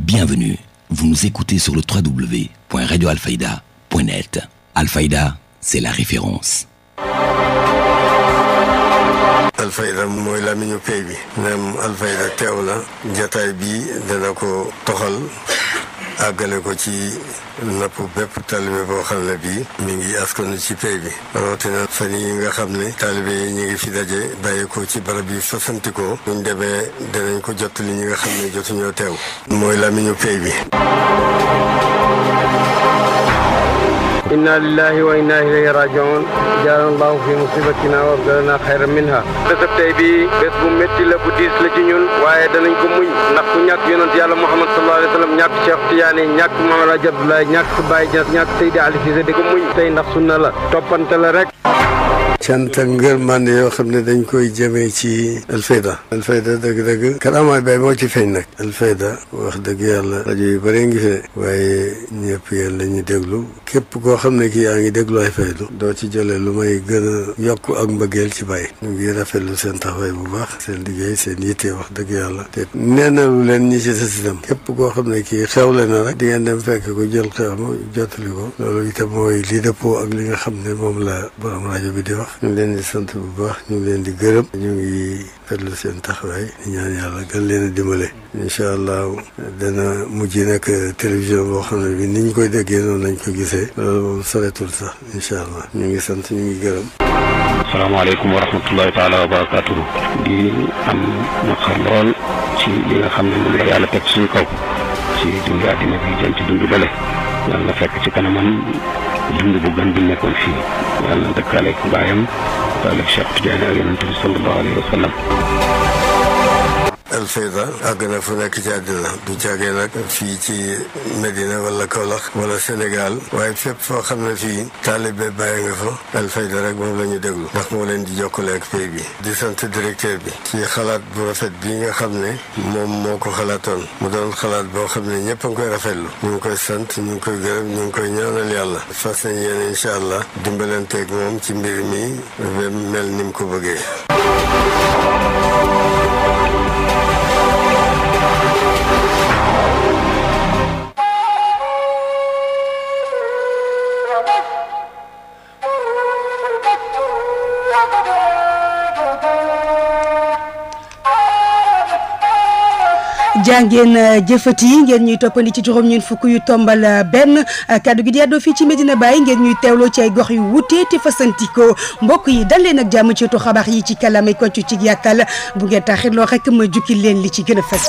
Bienvenue, vous nous écoutez sur le www.radioalfaïda.net. Alfaïda, c'est la référence. alfayda mooy lamiñu pay naam alfayda teew la jataay bi dana ko toxal àggale ko ci napp bépp taalibe boo xam ne bii mi ngi askanu ci pay bi rawatina yi nga xam ni taalibe yi ñu ngi fi daje bàyyi ko ci barab yi fasantikoo buñ demee danañ ko jot li ñi nga xam ne jotuñoo teew mooy làmmiñu pay bi ko inna lillahi wa inna ilayhi rajiun jaalan allahu fi musibatina wa abdalana xayran minha bésab tey bi bés bu métti la bu diis la ci ñun waaye danañ ko muñ ndax ku ñàkk yonent yàlla muhammad sallallahu alayhi wa sallam ñàkk cheikh tiyaani ñàkk mahamad ajabdoulaye ñàkk baye ñàkk seydi ali cissé di ko muñ tey ndax sunna la toppante la rek cant ak ngërmande yoo xam ne dañ koy jëmee ci alfayda alfayda dëgg-dëgg karaamaay bay moo ci feeñ nag alfayda wax dëgg yàlla rajo yu bëree ngi fi waaye ñëpp yéen la ñu déglu képp koo xam ne kii yaa ngi déglu alfayda doo ci jëlee lu may gën a yokk ak mbëggeel ci bay ñu ngi rafetlu seen taxawaay bu baax seen liggéey seen yitte wax dëgg yàlla te neenalu leen ñi ci des itam képp koo xam ne kii xewle na rek di ngeen dem fekk ko jël xew ma jottali ko loolu itam mooy li dëppoo ak li nga xam ne moom la borom rajo bi di ñu leen di sant bu baax ñu leen di gërëm ñu ngi fetlu seen taxawaay di ñaan yàlla gën leen a dimbale incha allah dana mujj nag télévision boo xam ne bi ni ñu koy déggee noonu lañ ko gisee loolu moom soretul sax incha allah ñu ngi sant ñu ngi gërëm asalaamaaleykum wa rahmatullahi taala wa barakatuhu di am naqar lool ci li nga xam ne moom la yàlla teg suñu kaw ci dundu àddina bi jëm ci dundu bële yàlla fekk ci kanamam dund bu gën bi nekkoon fii yàlla dëkkaaleeg baayam dëkkaaleeg Cheikh Tidiane ak yonent bi sallallahu alayhi wa sallam Alfayda àgg na fu nekk ci àddina du caagee nag fii ci Medina wala Kaolack wala Sénégal waaye fépp foo xam ne fii taalibe bàyyi nga fa Alfayda rek moom la déglu ndax moo leen di jokkale ak pay bi di sant directeur bi ci xalaat bu rafet bi nga xam ne moom moo ko xalaatoon mu doon xalaat boo xam ne ñëpp a ngi koy rafetlu ñu ngi koy sant ñu ngi koy gërëm ñu ngi koy ñaanal yàlla fas nañ yéen incha allah dimbalanteeg moom ci mbir mi mel ni ko bëggee jàngeen euh, jëfati ngeen ñuy toppandi ci juróom ñeen fukk yu tombal euh, benn euh, kaddu gi di àddoo fii ci Medina Baye ngeen ñuy teewloo ci ay gox yu wute te fasantikoo mbokk yi dal leen ak jàmm ci tu xabaar yi ci kalamay ko ci yàttal bu ngeen taxirloo rek ma jukki leen li ci gën a fës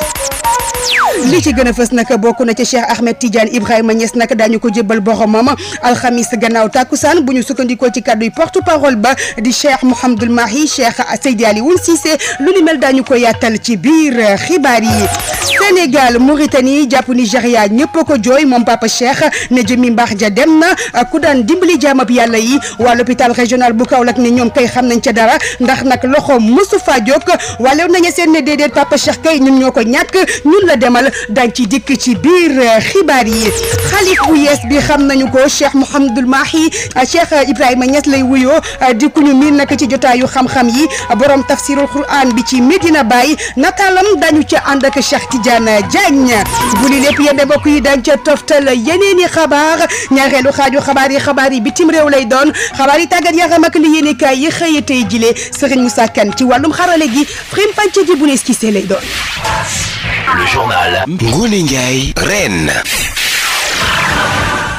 li ci gën a fës nag bokk na ci Cheikh Ahmed Tidiane Ibrahima Niass nag daañu ko jébbal boromam alxamis gannaaw takkusaan bu ñu sukkandikoo ci kàddu yi porte parole ba di Cheikh Mouhamadul Mahi Cheikh Seydi Alioune Cissé lu ni mel daañu ko yàttal ci biir xibaar yi. Sénégal Mauritanie jàpp Nigéria ñëpp ko jooy moom Papa Cheikh ne jëmi mbaax ja dem na ku daan dimbali jaamab yàlla yi waa l'hôpital régional bu Kaolack ne ñoom kay xam nañ ca dara ndax nag loxo mësu faa jóg walew nañu seen ne déedéet Papa Cheikh kay ñun ñoo ko ñàkk ñun la demal dañ ci dikk ci biir euh, xibaar yi xalif bu bi xam nañu ko Cheikh Mouhamadul Mahi Cheikh euh, Ibrahima Niass lay wuyoo euh, di ku ñu miin nag ci jotaayu xam-xam yi borom tafsirul Quran bi ci Medina na nataalam dañu ca ànd ak Cheikh Tidiane Tidiane Diagne bu li lépp yéen mbokk yi dañ ca toftal yeneen xabaar ñaareelu xabaar yi xabaar yi bitim réew lay doon xabaar yi tàggat yaram ak li yéen i yi xëy tey jile Serigne Moussa Kane ci wàllum xarale gi Frim Pàcc ji bu ne esquissé lay doon. Le journal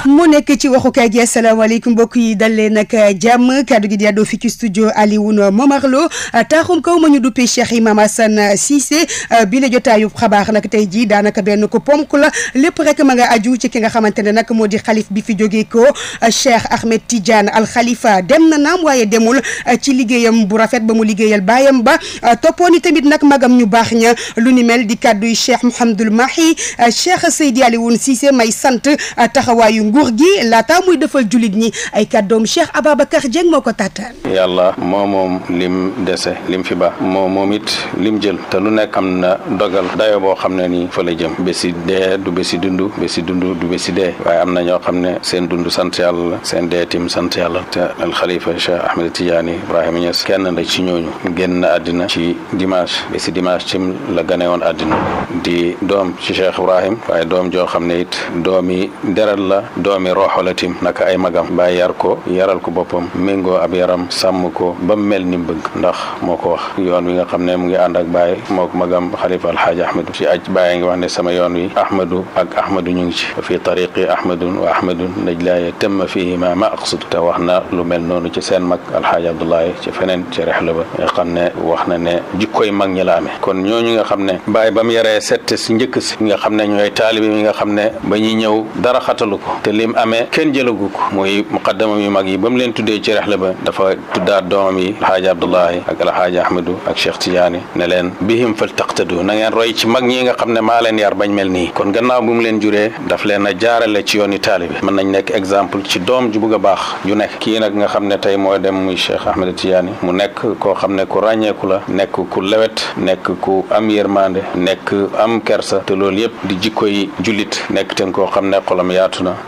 moo nekk ci waxukaay gi asalaamaaleykum mbokk yi dal leen nag jàmm kaddu gi di àddoo fi ci studio Alioune Momar Lo taaxum kaw ma ñu duppee Cheikh Imam Assane Cissé bi la jotaayub xabaar nag tey jii daanaka benn ko ponk la lépp rek ma nga aju ci ki nga xamante ne nag moo di xalif bi fi jógee ko Cheikh Ahmed Tidiane Al Khalifa dem na naam waaye demul ci liggéeyam bu rafet ba mu liggéeyal baayam ba toppooni tamit nag magam ñu baax ña lu ni mel di kaddu yi Cheikh Mouhamadul Mahi Cheikh Seydi Alioune Cissé may sant taxawaayu nguur gi laata muy defal jullit ñi ay kàddoom Cheikh Ababacar Dieng moo ko tàttaan. yàlla moo moom lim dese lim fi ba moo moom it lim jël te lu nekk am na dogal dayo boo xam ne nii fa la jëm ba si dee du ba si dund ba si dund du ba si dee waaye am na ñoo xam ne seen dundu sant yàlla la seen dee tim sant yàlla te al xalifa Cheikh Ahmed Tidiane Ibrahima Niass kenn la ci ñooñu génn àddina ci dimanche ba si dimanche tim la gane woon àddina di doom ci Cheikh Ibrahim doom joo xam ne it doom yi la doomi rooxo la tim naka ay magam bàyyi yar ko yaral ko boppam méngoo ab yaram sàmm ko ba mu mel ni mu bëgg ndax moo ko wax yoon wi nga xam ne mu ngi ànd ak bàyyi moo ko magam xalifa alxaaji ahmadu ci aj bàyyi ngi wax ne sama yoon wi ahmadu ak ahmadu ñu ngi ci fi tariqi ahmadun wa ahmadun najlaaye temma fihima ma aqsud te wax na lu mel noonu ci seen mag alxaaji abdoulaye ci feneen ci rexla ba nga xam ne wax na ne jikkoy mag ñi la amee kon ñooñu nga xam ne bàyyi ba mu yaree sett si njëkk si nga xam ne ñooy taalibi yi nga xam ne ba ñuy ñëw dara xatalu ko lim amee kenn jëlagu ko mooy muqaddamam yu mag yi ba mu leen tuddee ci rexle ba dafa tuddaat doomam yi alxaaji abdullahi ak alxaaji ahmadu ak cheikh tidiane ne leen bihim fal taqtadu na ngeen roy ci mag ñi nga xam ne maa leen yar bañ mel nii kon gannaaw bu mu leen juree daf leen a jaarale ci yooni taalibe mën nañ nekk exemple ci doom ju bugg a baax ju nekk kii nag nga xam ne tey moo dem muy cheikh ahmadu tidiane mu nekk koo xam ne ku ràññeeku la nekk ku lewet nekk ku am yërmande nekk am kersa te loolu yëpp di jikko yi jullit nekk ten koo xam ne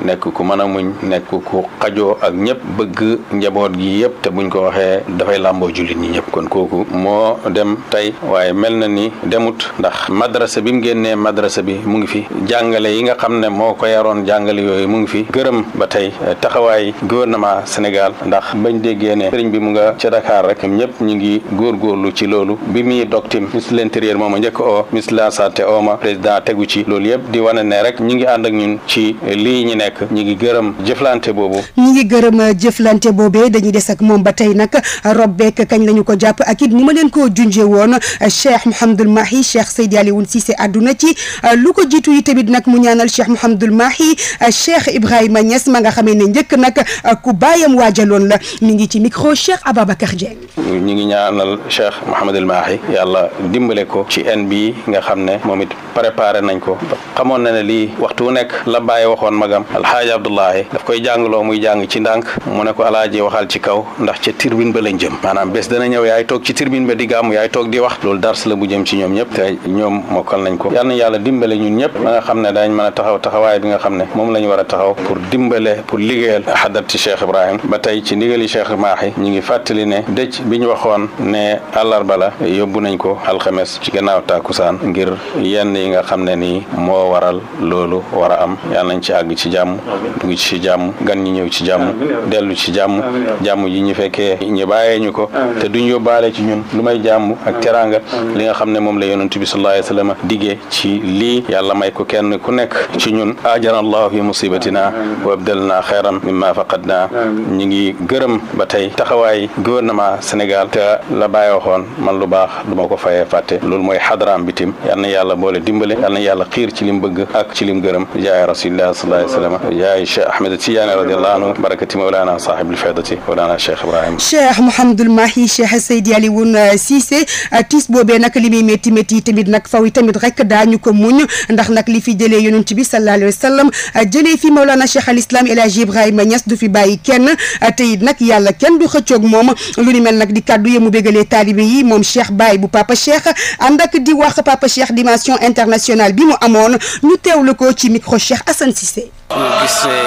na nekk ku mën a muñ nekk ku xajoo ak ñëpp bëgg njaboot gi yëpp te buñ ko waxee dafay làmboo jullit ñi ñëpp kon kooku moo dem tey waaye mel na ni demut ndax madrasa bi mu génnee madrasa bi mu ngi fi jàngale yi nga xam ne moo ko yaroon jàngale yooyu mu ngi fi gërëm ba tey eh, taxawaay gouvernement Sénégal ndax bañ de ne sëriñ bi mu nga ca Dakar rek ñëpp ñu ngi góorgóorlu ci loolu bi muy doctim ministre de moom mooma njëkk oo ministre de la santé ooma président tegu ci loolu yëpp di ñu ngi ànd ak ñun ñu ngi gërëm jëflante boobu ñu ngi gërëm euh, jëflante boobee dañuy des ak moom ba tey nag rob beek kañ lañu ko jàpp ak it ni ma leen ko junjee woon euh, Cheikh Mouhamadul Mahi Cheikh Seydi Alioune Cissé àdduna ci euh, lu ko jiitu yi tamit nag mu ñaanal Cheikh Mouhamadul Mahi Cheikh Ibrahima Niass ma xamee ne njëkk nag ku baayam waajaloon la mi ngi ci micro Cheikh Ababacar Dieng ñi ngi ñaanal Cheikh Mouhamadul Mahi yàlla dimbale ko ci en bi nga xam ne moom it préparé nañ ko xamoon na ne lii waxtu nekk la bàyyi waxoon magam alaaji abdullahi daf koy jàngloo muy jàng ci ndànk mu ne ko alaaji waxal ci kaw ndax ca tirbin ba lañ jëm maanaam bés dana ñëw yaay toog ci tirbin ba di gàmm yaay toog di wax loolu dars la bu jëm ci ñoom ñëpp te ñoom mokkal nañ ko yal na yàlla dimbale ñun ñëpp ba nga xam ne dañ mën a taxaw taxawaay bi nga xam ne moom la ñu war a taxaw pour dimbale pour liggéeyal xadarti cheikh ibrahim ba tey ci ndigali cheikh maahi ñu ngi fàttali ne dëj bi ñu waxoon ne àllarba la yóbbu nañ ko alxames ci gannaaw tàkkusaan ngir yenn yi nga xam ne nii moo waral loolu war a dugg ci ci jàmm gan ñi ñëw ci jàmm dellu ci jàmm jàmm ji ñu fekkee ñu bàyyee ñu ko te duñ yóbbaale ci ñun lu may jàmm ak teraanga li nga xam ne moom la yonent bi sallallahu alayhi wa diggee ci lii yàlla may ko kenn ku nekk ci ñun ajana allahu fi musibatina wa abdalna xayran mimma faqadna ñi ngi gërëm ba tey taxawaay gouvernement Sénégal te la bàyyi waxoon man lu baax du ma ko fayee fàtte loolu mooy xadaraam bitim yal na yàlla boole dimbale yal na yàlla xiir ci lim bëgg ak ci lim gërëm jaay rasulillah sallallahu alayhi wa sallam yaay Cheikh Ahmed Tidiane radiyallahu anhu barakati mawlana sahibul faydati mawlana Cheikh Ibrahim Cheikh Mouhamadul Mahi Cheikh Seydi Alioune Cissé tiis boobee li muy métti métti tamit nag rek daañu ko muñ ndax nag li fi jëlee yonent bi sallallahu alayhi wa sallam jëlee fi mawlana Cheikh al Islam El Hadji Ibrahima Niass du fi bàyyi kenn te it nag yàlla kenn du xëccoog moom lu ni mel di kàddu yemu bégalee taalibe yi moom Cheikh Baye bu Papa Cheikh ànd ak di wax Papa Cheikh dimension bi mu amoon ñu teewlu ko ci micro Cheikh Assane gis ne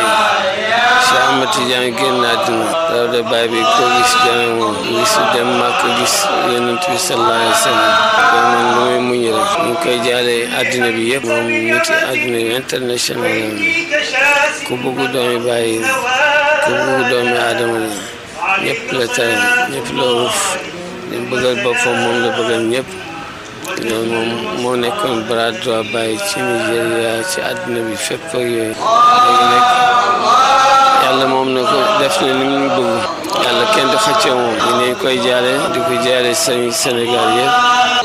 Cheikh Ahmed Tidiane génn àddina daw de baay bi ko doomi bàyyi ku doomi aadama la la tare ñëpp la uuf li bëggal boppam moom la bëggal yooyu moom moo nekkoon bras droit Baye ci Nigéria ci àdduna bi fépp ak yooyu léegi moom na ko def na ni mu bëgg yàlla kenn du xëccoo moom ñu neñ koy jaale di ko jaale sañ Sénégal yëpp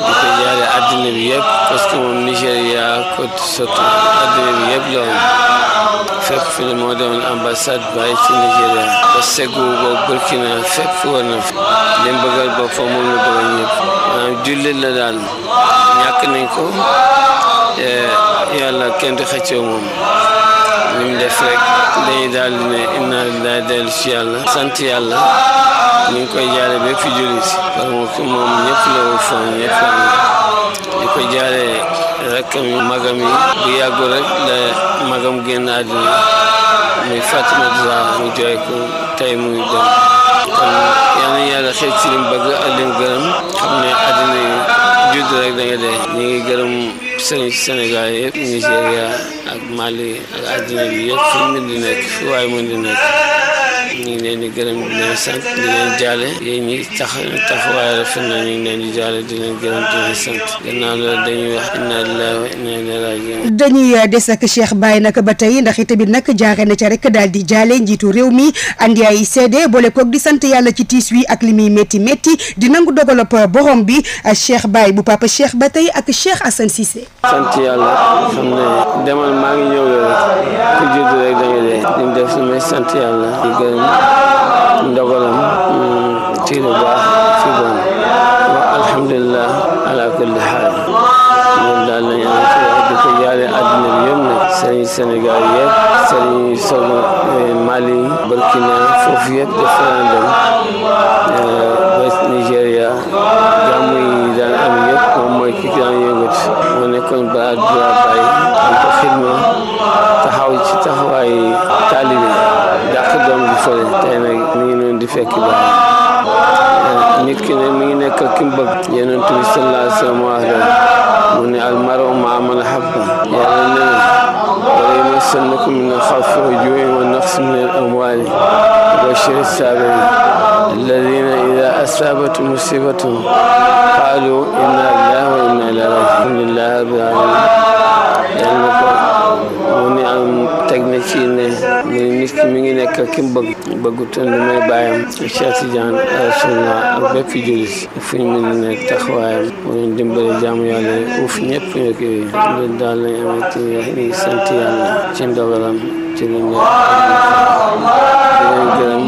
di ko jaale àdduna bi yëpp parce que moom Nigéria Côte d'Ivoire àdduna bi yëpp fépp fi ne moo doon ambassade Baye ci Nigéria ba Ségou ba Burkina fépp fi war na fi leen bëggal boppam moom la bëggal ñëpp maanaam jullit la daal ñàkk nañ ko yàlla kenn du xëccoo moom li mu def rek daal ne inna lillahi dellu yàlla sant yàlla ñu ngi koy jaale bépp jullit moom ñëpp la woon rakkam yi magam yi bu yàggul rek la magam génn àddina muy Fatima Zahra mu jooy ko tey muy dem kon yal na yàlla xeet ci lim bëgg ak lim gërëm xam ne àddina judd rek da nga dee ñu ngi gërëm sëriñ Sénégal yëpp Nigéria ak Mali ak àddina bi yëpp fu mën di nekk waay mën di nekk ñu ngi leen di gërëm di leen sant di leen jaale yéen ñi tax taxawaay rafet na ñu ngi leen di jaale di leen gërëm di leen sant gannaaw loolu dañuy wax inna lillahi wa inna ilayhi raaji'uun dañuy des ak Cheikh Baye nag ba tey ndax itamit nag jaare na ci rek daal di jaale njiitu réew mi andi ay seede boole koog di sant yàlla ci tiis wi ak li muy métti métti di nangu dogalop borom bi Cheikh Baye bu papa Cheikh ba tey ak Cheikh Assane Cissé. sant sant yàlla di gërëm ndogalam mm, ci lu ci bon wa alhamdulilah ala kulli xaal ñun daal lañ am ci di eh, Mali Burkina foofu yëpp def na dem ba eh, Nigéria jàmm daan am moom mooy ki daan yëngut moo nekkoon ba àddina bàyyi am ko xidma sori tey nag mi ngi noonu di fekk ba nit ki ne mi ngi nekk ak ki mu bëgg yonent bi sallallahu alayhi wa sallam wax la mu ne al mar'u ma'a man ahabba yàlla ne wala yumassannakum min al-khawfi wa al-ju'i wa naqsin min al-amwali wa bashiri as-sabirin alladhina idha asabatuhum musibatun qalu inna lillahi wa inna ilayhi raji'un alhamdulillahi rabbil alamin yàlla ko mu ni am technique yi ne mu ni mi ngi nekk ki mu bëgg bëggut lu may bàyyam Cheikh Tidiane sunna ak bépp jullit fu ñu mën a nekk taxawaayam mu leen dimbale jaamu yàlla uuf ñëpp ñu ko loolu daal lañ amee ci ni sant ci ndogalam ne dinañ gërëm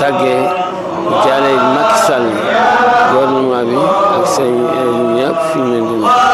tàggee jaalee bi ak seen ñëpp fi ñu leen di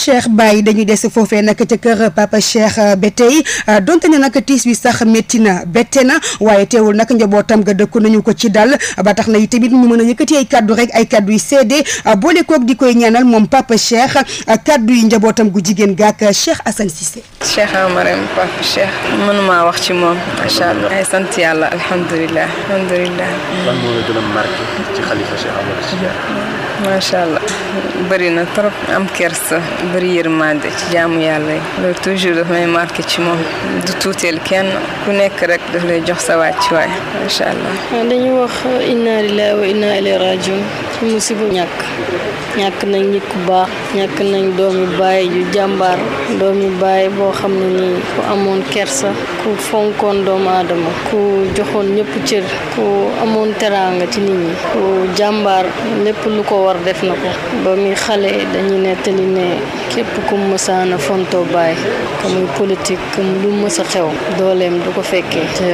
Cheikh Baye dañuy des foofee nag ca kër Papa Cheikh euh, ba tey euh, donte ne nag tiis bi sax métti na bette na waaye teewul nag njabootam ga dëkku nañu ko ci dal ba tax na yi tamit ñu mën a yëkkati ay kàddu rek ay kaddu yu seede euh, boole koog di koy ñaanal moom Papa Cheikh kaddu yi njabootam gu jigéen gaak Cheikh Assane Cissé. Cheikh Amarem Papa Cheikh mënuma wax ci moom macha allah. ay sant yàlla alhamdulilah alhamdulilah. lan moo la gën a ci xalifa Cheikh Amadou macha allah bëri na trop am kersa bëri yërmande ci jaamu yàlla yi loolu toujours daf may marqué ci moom tuuteel kenn ku nekk rek daf lay jox sa wàccuwaay macha allah. dañu wax inna lillahi wa inna ilayhi rajiun musibu ñàkk. ñàkk nañ nit ku baax ñàkk nañ doom baay ju jàmbaar doomi baay boo xam ne ni ku amoon kersa ku fonkoon doomu aadama ku joxoon ñépp cër ku amoon teraanga ci nit ñi ku jàmbaar lépp lu ko war def na ko ba muy xale dañuy nettali ne képp ku mësaana fontoo baay ka muy politique lu mës a xew dooleem du ko fekkee ca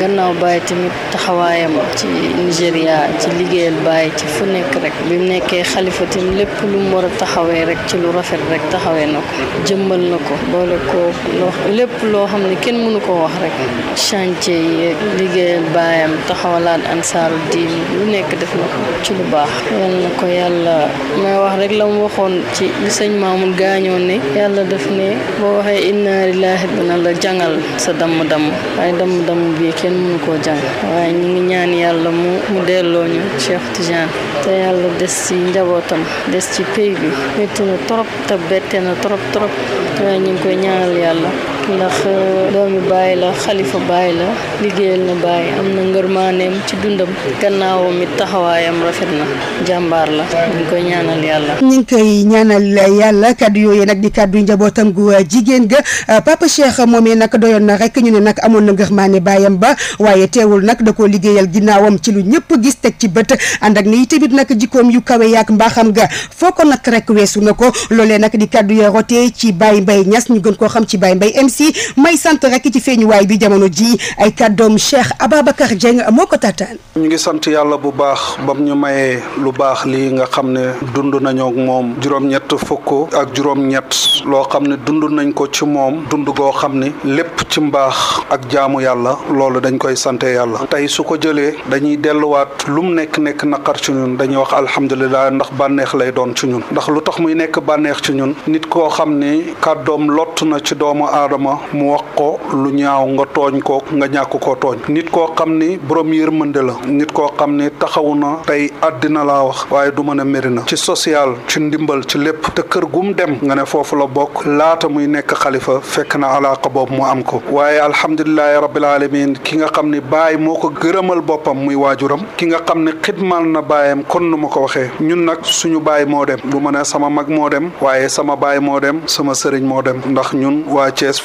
gannaaw baay tamit taxawaayam ci Nigéria ci liggéeyal baay ci fu nekk rek bi mu nekkee xalifa lépp lu mu war a taxawee rek ci lu rafet rek taxawee na ko jëmbal na ko boole ko loo lépp loo xam ne kenn mënu koo wax rek chantier yi liggéeyal baayam taxawalaat ansaaru diin lu nekk def na ko ci lu baax yal na ko yàlla may wax rek la mu waxoon ci li sëñ maamul gaañoon ne yàlla def ne boo waxee inna lillahi dina la jàngal sa damm-damm waaye damm-damm bi kenn mënu koo jàng waaye ñu ngi ñaan yàlla mu mu delloo ñu Cheikh Tidiane te yàlla des des ci pey bi métti trop te bette na trop trop waaye ñu ngi koy yàlla ndax euh, doomi bàyyi la xalifa bàyyi la liggéeyal na bàyyi am na ngërmaaneem ci dundam gannaawam it taxawaayam rafet na jàmbaar la ñu koy ñaanal yàlla. ñu ngi koy ñaanal yàlla kaddu yooyu nag di kaddu njabootam gu euh, jigéen ga euh, papa Cheikh moomee nag doyoon na rek ñu ne nag amoon na ngërmaane bàyyam ba waaye teewul nag da koo liggéeyal ginnaawam ci lu ñëpp gis teg ci bët ànd ak ni tamit nag jikkoom yu kawe yaak mbaaxam ga foo ko nag rek weesu na ko loolee nag di kaddu ya rote ci Baye gën koo xam ci Baye aussi may sant rek ci feeñuwaay bi jamono ji ay kàddoom Cheikh Ababacar Dieng moo ko tàttaan ñu ngi sant yàlla bu baax bam ñu mayee lu baax lii nga xam ne dund nañoo ak moom juróom-ñett fukk ak juróom-ñett loo xam ne dund nañ ko ci moom dund koo xam ne lépp ci mbaax ak jaamu yàlla loolu dañ koy sante yàlla tey su ko jëlee dañuy delluwaat lu mu nekk nekk naqar ci ñun dañuy wax alhamdulilah ndax bànneex lay doon ci ñun ndax lu tax muy nekk bànneex ci aadama mu wax ko lu ñaaw nga tooñ ko nga ñàkk koo tooñ nit koo xam ni borom yërmande la nit koo xam ni taxawu na tey àddina laa wax waaye du mën a méri na ci social ci ndimbal ci lépp te kër gum dem nga ne foofu la bokk laata muy nekk xalifa fekk na alaaka boobu mu am ko waaye alhamdulilahi rabbil alamin ki nga xam ni baay moo ko gërëmal boppam muy waajuram ki nga xam ni mal na baayam kon nu ma ko waxee ñun nag suñu baay moo dem du ma ne sama mag moo dem waaye sama baay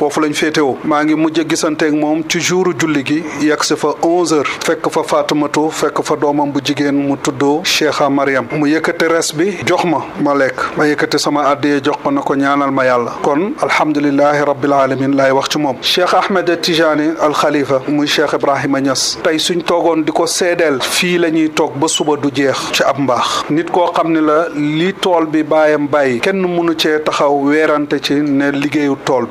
foofu lañ féetewoo maa ngi mujj gisanteeg moom ci jouru julli gi yegg si fa onze fekk fa Faatumatu fekk fa doomam bu jigéen mu tuddoo Cheikha Mariam mu yëkkati res bi jox ma ma lekk ma yëkkati sama àddiyee jox ko na ko ñaanal ma yàlla kon alhamdulilahi rabbil alamin laay wax ci moom Cheikh Ahmed Tijani al Khalifa muy Cheikh Ibrahima Niass tey suñ toogoon di ko seedeel fii la ñuy toog ba suba du jeex ci ab mbaax nit koo xam ne la li tool bi baayam bàyyi kenn mënu cee taxaw weerante ci liggéeyu tool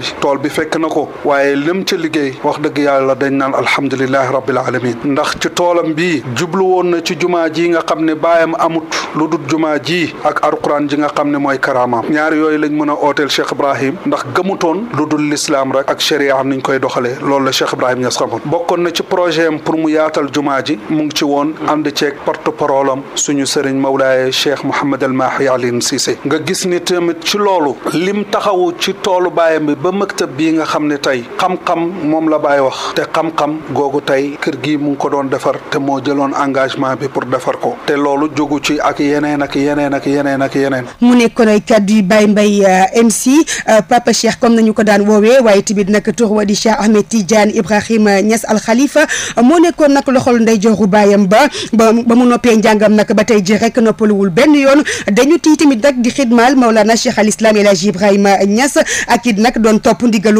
fekk na ko waaye lim ci liggéey wax dëgg yàlla dañ naan alhamdulilahi rabbil alamin ndax ci toolam bii jublu woon na ci jumaa ji nga xam ne baayam amut lu dut jumaa ji ak alquran ji nga xam ne mooy karaamaam ñaar yooyu lañ mën a ooteel Cheikh Ibrahim ndax gëmutoon lu dul lislam rek ak sharia am niñ koy doxalee loolu la Cheikh Ibrahim Niass xamoon bokkoon na ci projet am pour mu yaatal jumaa ji mu ngi ci woon ànd ceeg porte parole am suñu sëriñ Mawlaaye Cheikh Mouhamed El Mahi Alioune Cissé nga gis ni tamit ci loolu nga xam ne tey xam-xam moom la bàyyi wax te xam-xam googu tey kër gi mu ko doon defar te moo jëloon engagement bi pour defar ko te loolu jogu ci ak yeneen ak yeneen ak yeneen ak yeneen. mu nekkoon ay kàddu yu Baye Mbaye euh, MC euh, Papa Cheikh comme nañu ko daan woowee waaye tamit nag tur wa di Cheikh Ahmed Tidiane Ibrahima Niass Al Khalifa euh, moo nekkoon nag loxol ndeyjooru baayam ba ba ba mu noppee njàngam nag ba tey ji rek noppaluwul benn yoon dañu tii tamit nag di xidmaal Maulana Cheikh Al Islam El Hadj Ibrahima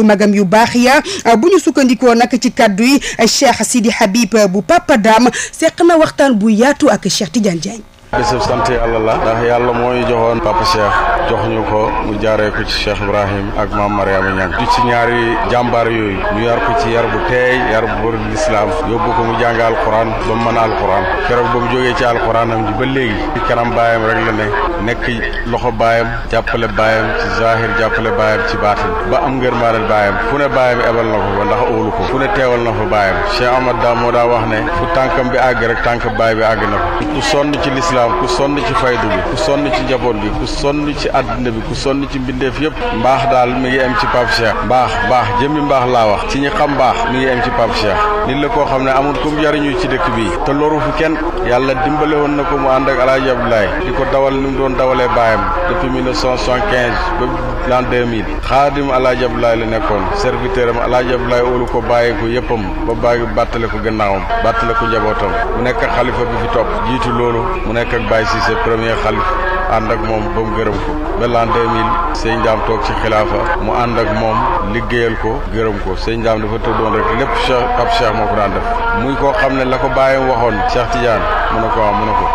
magam yu baax ya ah, bu ñu sukkandikoo nag ci kàddu yi Cheikh Sidi Habib bu Papa Dame seq na waxtaan bu yaatu ak Cheikh Tidiane Diagne bisub sant yàlla la ndax yàlla mooy joxoon papa cheikh jox ñu ko mu jaaree ko ci cheikh ibrahim ak maam mariama ñang ju ci ñaari jàmbaar yooyu ñu yar ko ci yar bu teey yar bu bëri lislaam yóbbu ko mu jàng alquran ba mu mën a alquran keroog ba mu jógee ci alquran am ji ba léegi ci kanam baayam rek la ne nekk loxo baayam jàppale baayam ci zahir jàppale baayam ci baatin ba am ngër maanel baayam fu ne baayam ebal na ko ba ndax óolu ko fu ne teewal na fa baayam cheikh amad daa moo daa wax ne fu tànkam bi àgg rek tànk baay bi àgg na lislaam ku sonn ci faydu bi ku sonn ci njaboot bi ku sonn ci àddina bi ku sonn ci mbindeef yëpp mbaax daal mi ngi am ci Pape Cheikh mbaax baax jëmmi mbaax laa wax ci ñi xam mbaax mi ngi am ci Pape nit la koo xam ne amul kum jariñu ci dëkk bi te loru fu kenn yàlla dimbale woon na ko mu ànd ak Alaaji Abdoulaye di ko dawal ni mu doon dawalee baayam depuis 1975 ba l'an 2000 xaadim Alaaji Abdoulaye la nekkoon serviteur am Alaaji Abdoulaye óolu ko bàyyi ko yëppam ba bàyyi bàttale ko gannaawam bàttale ko njabootam mu nekk xalifa bi fi topp jiitu loolu mu nekk ak Baye Cissé premier xalif ànd ak moom ba mu gërëm ko ba l'an 2000 sëñ toog ci xilaafa mu ànd ak moom liggéeyal ko gërëm ko sëñ Daam dafa tëddoon rek lépp cheikh ab cheikh moo ko daan def muy koo xam ne la ko bàyyi waxoon Cheikh Tidiane mu ne ko waaw mu ne ko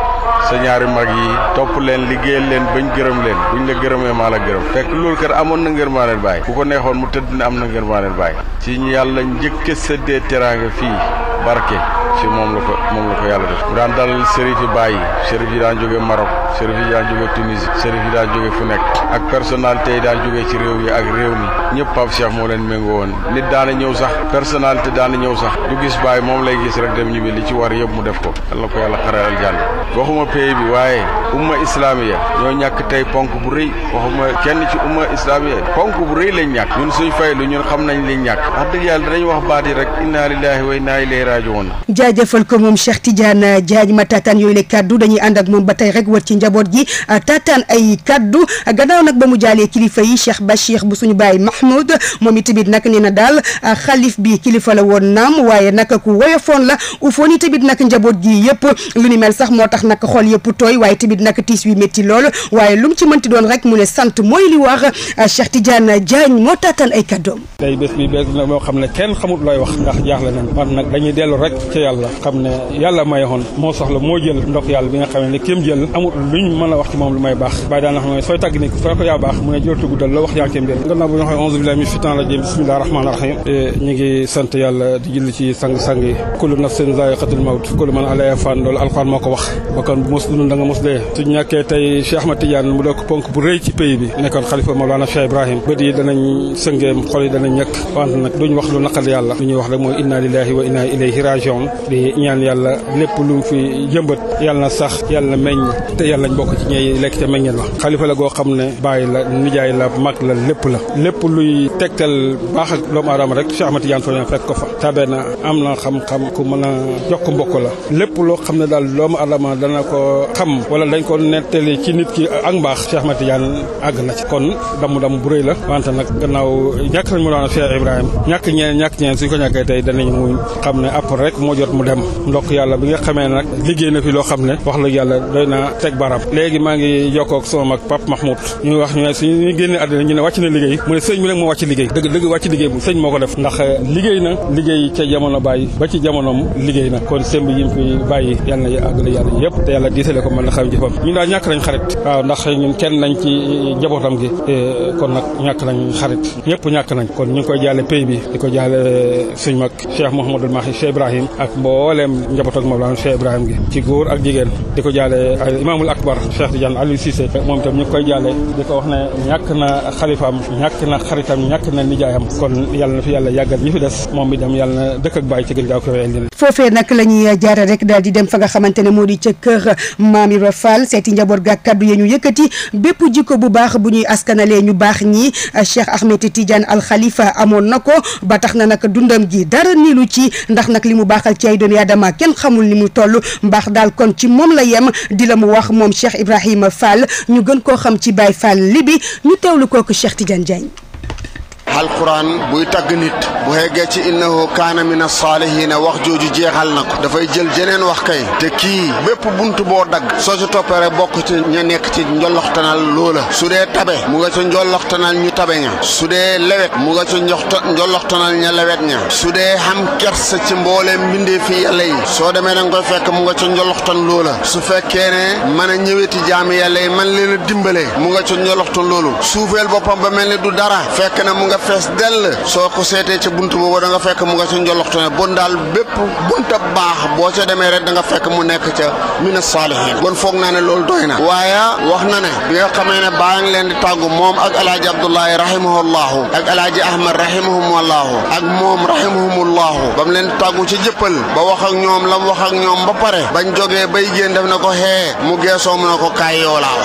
sa ñaari mag yi topp leen liggéeyal leen bañ gërëm leen buñ la gërëmee maa la gërëm fekk loolu kat amoon na ngërmaaneel bàyyi ku ko neexoon mu tëdd ne am na ngërmaaneel bàyyi ci ñu yàlla njëkk a séddee teraanga fii barke ci moom la ko moom la ko yàlla def mu daan dalal sërif yi bàyyi sërif yi daan jóge Maroc chérif yi daa jóge Tunisie chérif yi daa jóge fu nekk ak personnalité yi daa jóge ci réew yi ak réew mi ñëpp Pape Cheikh moo leen méngoo woon nit daana ñëw sax personnalité daana ñëw sax moom lay gis rek dem ñibbi ci war yëpp bu rëy waxuma kenn ci lu ñun xam nañ liñ ñàkk wax dëgg yàlla dinañ wax baat yi rek inna lillahi wa inna ilayhi raaji'uun jaajëfal yooyu la kàddu dañuy ànd ak moom ba tey rek wër ci njaboot gi euh, taataan ay kaddu gannaaw nag ba mu jaalee kilifa yi Cheikh Bachir bu suñu baay Mahmoud moom itamit nag nee na daal euh, xalif bi kilifa la woon naam waaye nag ku woyofoon la ufoon itamit nag njaboot gi yëpp lu ni mel sax moo tax nak xool yëpp tooy waaye tamit nag tiis wi métti lool waaye lu mu ci mënti doon rek mu ne sant mooy li wax euh, Cheikh Tidiane Diagne moo taataan ay kaddoom. tey bés bi bés la boo xam ne kenn xamut looy wax ndax jaaxle nañ man nag dañuy dellu rek ca yàlla xam ne yàlla moo soxla moo bi nga xam luñ mën a wax ci moom lu may baax bàyyi daan wax mooy sooy tàgg nit ku fay ko yaa baax mu ne jor tuguddal la wax yaa ngi mbir gannaaw bu ñu waxee onze billahi min shaytaan ngi ko wax bakkan bu mos dund da nga mos dee suñ ñàkkee tey Cheikh bu rëy ci pays bi nekkoon xalifa Mawlana Cheikh Ibrahim bët yi danañ sëngeem xol yi danañ ñëkk wante nag duñ wax lu naqal yàlla lu ñuy wax rek mooy inna lillahi wa inna ilayhi rajiun di ñaan yàlla lépp lu fi jëmbat yàlla na sax yàlla meññ te yàlla lañ bokk ci ñey lekk ca meññeen wax xalifa la goo xam ne bàyyi la nijaay la mag la lépp la lépp luy tegtal baax ak doomu aadama rek Cheikh Ahmed Tidiane Fodiane fekk ko fa tabe na am na xam-xam ku mën a jox mbokk la lépp loo xam ne daal doomu aadama dana ko xam wala dañ ko nettali ci nit ki ak mbaax Cheikh Ahmed Tidiane àgg na ci damu dam bu rëy la wante nag gannaaw ñàkk nañ mu doon Cheikh ko ñàkkee tey mu xam ne après rek moo jot mu dem ndokk yàlla bi nga xamee nag liggéey na fi loo xam ne wax la yàlla doy na teg baaraam arab léegi maa ngi jokkoo ak sama mag Pape Mahmoud ñu wax ñu ne suñu génne àddina ñu ne wàcc na liggéey mu ne sëñ bi nag moo wàcc liggéey dëgg dëgg wàcc liggéey bu sëñ moo ko def ndax euh, liggéey na liggéey ca jamono bàyyi ba ci jamonoom liggéey yi mu fi bàyyi yàlla na ko mën na xam jëfam ñun daal ñàkk nañ xarit ndax ñun kenn nañ ci euh, jabootam gi euh, kon nag ñàkk nañ xarit ñëpp ñàkk nañ kon ñu ngi koy jaale pay bi di ko jaale suñ mag Cheikh Mouhamadul Mahi Cheikh Ibrahim ak mbooleem njaboot ak Mawlana Cheikh Ibrahim gi ci góor ak jigéen di ko jaale imaamul akbar Cheikh Tidiane Aliou Cissé moom itam ñu koy jàlle di ko wax ne ñàkk na xalifaam ñàkk na xaritam ñàkk na nijaayam kon yàlla na fi yàlla jaare rek daal di dem fa nga xamante moo di ca kër Maam Ibra Fall seeti njaboot ga kaddu ya ñu yëkkati bépp jikko bu baax bu ñuy askanalee ñu baax ñi Cheikh Ahmed Tidiane Al amoon na ko ba tax na nag dundam gi dara niilu ci ndax nag li mu baaxal ci ay doomi aadama kenn xamul ni mu toll mbaax daal kon ci moom la yem di la mu wax moom Cheikh Ibrahima Fall ñu gën koo xam ci Baye Fall Libi ñu teewlu kooku Cheikh Tidiane Diagne alquran buy tagg nit bu xeggee ci innahu kaana min asaalihina wax jooju jeexal na ko dafay jël jeneen wax kay te kii bépp bunt boo dagg soo ci toppare bokk ci ña nekk ci njolloxtanal loola su dee tabe mu nga ca njolloxtanal ñu tabe ña su dee lewet mu nga ca njoxta njolloxtanal ña lewet ña su dee xam sa ci mbooleem mbindee fi yàlla yi soo demee da nga koy fekk mu nga ca njolloxtan loola su fekkee ne mën a ñëweti jaami yàlla yi man leen a dimbale mu nga ca njolloxtan loolu fees dell soo ko seetee ca bunt boobu da nga fekk mu nga ca njoloxtone bon daal bépp bunta baax boo ca demee rek danga fekk mu nekk ca mina saalihin bon foog naa ne loolu doy na waaye wax na ne bi nga xamee ne baa ngi leen di tàggu moom ak alaaji abdullahi rahimahullahu ak alaaji ahmad rahimahumullahu ak moom rahimahumullahu ba mu leen di tàggu ca jëppal ba wax ak ñoom lam wax ak ñoom ba pare bañ jógee bay génn def na ko xee mu geesoo mu ne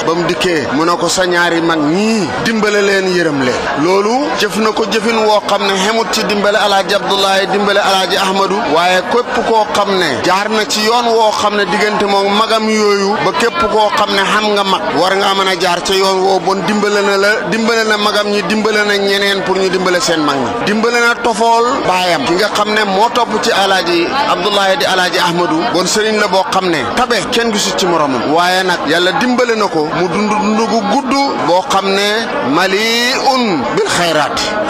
ba mu dikkee mu ko sa ñaari mag ñii dimbale leen yërëm leen na ko jëfin woo xam ne xemut ci dimbale alaaji Abdoulaye dimbale alaaji Ahmadou waaye képp koo xam ne jaar na ci yoon woo xam ne diggante moom magam yooyu ba képp koo xam ne xam nga mag war nga ama a jaar ci yoon woo bon dimbale na la dimbale na magam ñi dimbale na ñeneen pour ñu dimbale seen mag ñi dimbale na tofool baayam ki nga xam ne moo topp ci alaaji Abdoulaye di alaaji Ahmadou bon sëriñ la boo xam ne tabe kenn gisu ci moromam waaye nag yàlla dimbale na ko mu dund dund gudd boo xam ne mali un bil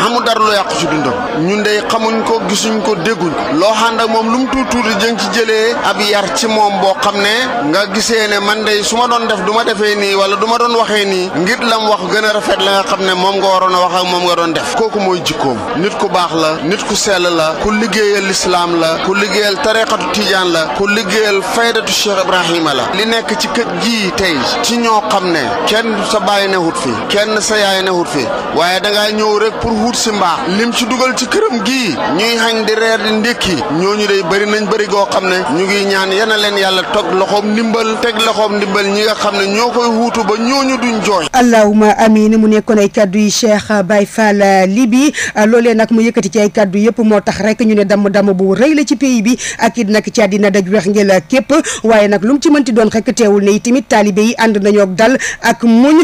amul dara lu yàqu ci dundam ñun de xamuñ ko gisuñ ko dégguñ loo xànd ak moom lu mu tuuti tuuti jëng ci jëlee ab yar ci moom boo xam ne nga gisee ne man dey su ma doon def du ma defee nii wala duma doon waxee nii ngir lam wax gën a rafet la nga xam ne moom nga waroon a wax ak moom nga doon def kooku mooy jikkoom nit ku baax la nit ku seel la ku liggéeyal lislaam la ku liggéeyal tariqatu tijaan la ku liggéeyal faydatu Cheikh Ibrahima la li nekk ci kër gi tey ci ñoo xam ne kenn sa baay newut fi kenn sa yaay newut fi waaye wut si mbaax lim ci dugal ci këram gii ñuy xañ di reer di ndékki ñooñu day bëri nañ bëri goo xam ne ñu ngi ñaan yana leen yàlla tog loxoom ndimbal teg loxoom ndimbal ñi nga xam ne ñoo koy wuutu ba ñooñu duñ jooy allahuma amin mu nekkoon ay kaddu yi Cheikh Baye Fall Libi loolee nag mu yëkkati ci ay kaddu yëpp moo tax rekk ñu ne damm-damm bu rëy la ci pays bi ak it nag ci àddina daj weex ngel képp waaye nag lu mu ci mënti doon xekk teewul ne itamit taalibe yi ànd nañoo dal ak muñ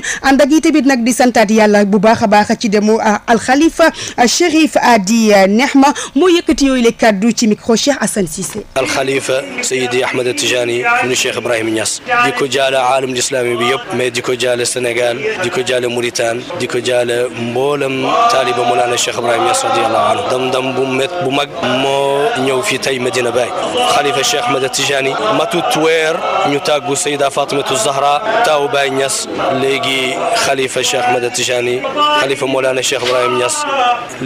a Chérif euh, Chérif Hadi euh, Nehma moo yëkkati yooyu la kaddu ci micro Cheikh Assane Cissé. al xalifa Seydi Ahmed Tijani ibnu Cheikh Ibrahim Niass di ko jaale aalam islami bi yëpp mais di ko jaale Sénégal di ko jaale Mauritanie di ko jaale mboolem taaliba Mawlana Cheikh Ibrahim Niass radiyallahu anhu dam-dam bu met bu mag moo ñëw fii tey Medina Baye xalifa Cheikh Ahmed Tijani matut weer ñu tàggu Seyda Fatimatu Zahra taaw Baye Niass léegi xalifa Cheikh Ahmed Tijani xalifa Mawlana Cheikh Ibrahim Niass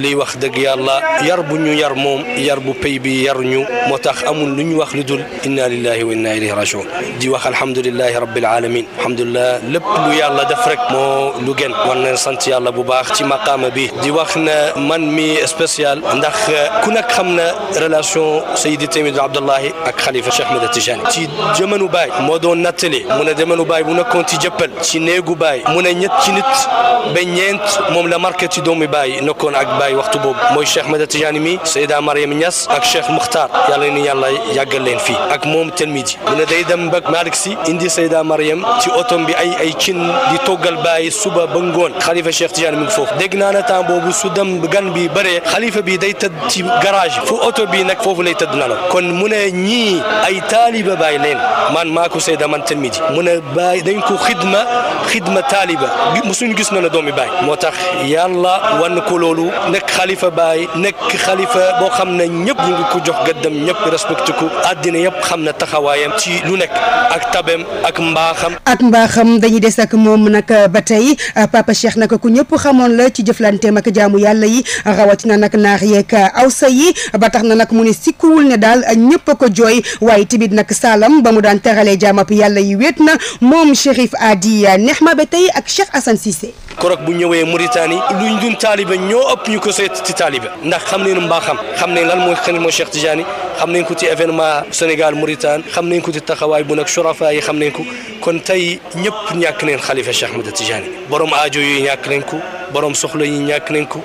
liy wax dëgg yàlla yar bu ñu yar moom yar bu pay bi yar ñu moo tax amul lu ñu wax lu dul inna lillahi wa inna ilayhi rajiun di wax alhamdulilahi rabbil alamin alhamdulilah lépp lu yàlla def rek moo lu gën war sant yàlla bu baax ci maqaama bi di wax na man mi spécial ndax ku nekk xam na relation Seydi Tamidu Abdullahi ak xalifa Cheikh Ahmed Tijani ci jëmanu baay moo doon nattali mu na jëmanu baay bu nekkoon ci jëppal ci néegu baay mu ne ñett ci nit ba ñeent moom la marqué ci doomi baay nekkoon ak bàyyi waxtu boobu mooy Cheikh Ahmed Tidiane mi Seyda Mariam Niass ak Cheikh Muxtaar yàlla ni leen fii ak moom telmid yi day dem ba Malick si indi Seyda Mariam ci otom bi ay cin di toggal bàyyi suba ba ngoon xalifa Cheikh Tidiane mi ngi foofu dégg naa ne temps boobu gan bi bëree xalifa bi day tëdd ci garage fu oto bi nag foofu lay tëdd nalaw kon mu ne ñii ay taaliba bàyyi leen man maa ko Seyda man telmid yi mu ne bàyyi dañ ko xidma xidma taaliba musuñu gis na ne doomi bàyyi moo tax yàlla wan ko loolu nekk xalifa baay nekk xalifa boo xam ne ñëpp ñu ngi ko jox gëddam ñëpp respecté ko àddina yëpp xam na taxawaayam ci lu nekk ak tabeem ak mbaaxam. ak mbaaxam dañuy des ak moom nag ba tey papa Cheikh nag ku ñëpp xamoon la ci jëflanteem ak jaamu yàlla yi rawatina nag naax yeeg awsa yi ba tax na nag mu ne sikkuwul ne daal ñëpp ko jooy waaye tamit nag saalam ba mu daan teralee jaamab yàlla yi wéet na moom Chérif neex Nexma ba tey ak chef Assane korok bu ñëwee Mauritanie luñ dun taalibe ñoo ëpp ñu ko seet ci taalibe ndax xam nañu mbaa xam xam nañ lan mooy xel mooy Cheikh Tidiane xam nañ ko ci événement Sénégal Mauritanie xam nañ ko ci taxawaay bu nag surafa yi xam nañ ko kon tey ñëpp ñàkk neen xalifa Cheikh Ahmed Tidiane borom aajo yi ñàkk nañ ko borom soxla yi ñàkk nañ ko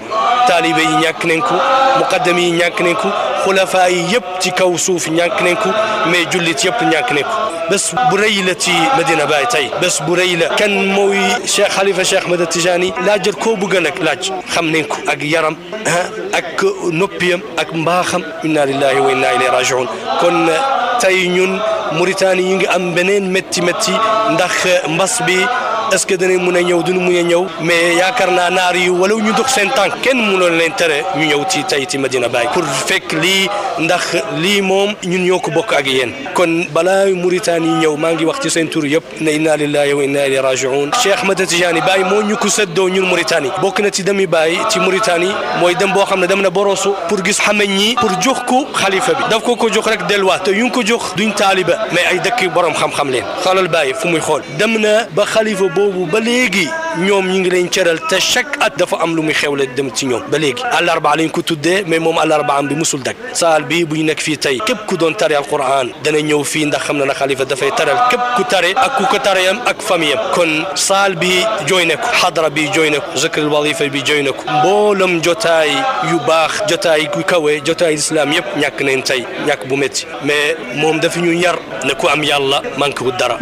taalibe yi ñàkk nañ ko muqaddam yi ñàkk nañ ko xulafaa yi yëpp ci kaw suuf ñàkk nañ ko mais jullit yëpp ñàkk nañ ko bés bu rëy la ci Medina Baye tey bés bu rëy la kan mooy Cheikh xalifa Cheikh Ahmed Tidiane laajal koo bëgg nag laaj xam nañ ko ak yaram ak noppiyam ak mbaaxam inna lillahi wa inna ilayhi rajiun kon tey ñun Mauritanie yi ngi am beneen métti métti ndax mbas bi est-ce que danañ mun a ñëw duñu mun a ñëw mais yaakaar naa naar yi wala ñu dox seen tànk kenn mënoon leen tere ñu ñëw ci tey ci Medina Baye pour fekk lii ndax lii moom ñun ñoo ko bokk ak yéen kon balaa Mauritanie yi ñëw maa ngi wax ci seen tur yëpp ne inna lillahi wa inna ilayhi raji'un Cheikh Ahmed Tidiane Baye moo ñu ko séddoo ñun Mauritanie bokk na ci demi Baye ci Mauritanie mooy dem boo xam ne dem na borosu pour gis xameñ ñi pour jox ko xalifa bi daf ko ko jox rek delluwaat te yu ko jox duñ taaliba mais ay dëkk borom xam-xam leen xoolal Baye fu muy xool dem na ba xalifa boobu ba léegi ñoom ñu ngi leen cëral te chaque at dafa am lu muy xewle dem ci ñoom ba léegi àllarba lañ ko tuddee moom àllarba am bi musul dak saal bi bu ñu nekk fii tey képp ku doon tare alquran dana ñëw fii ndax xam na xalifa dafay taral képp ku tare ak ku ko tareyam ak famiyam kon saal bi jooy na ko xadra bi jooy na ko zikril bi jooy na ko mboolam jotaay yu baax jotaay ku kawe jotaay islam yëpp ñàkk nañ tey ñàkk bu métti mais moom dafa ñu yar ne am yàlla manqué wu dara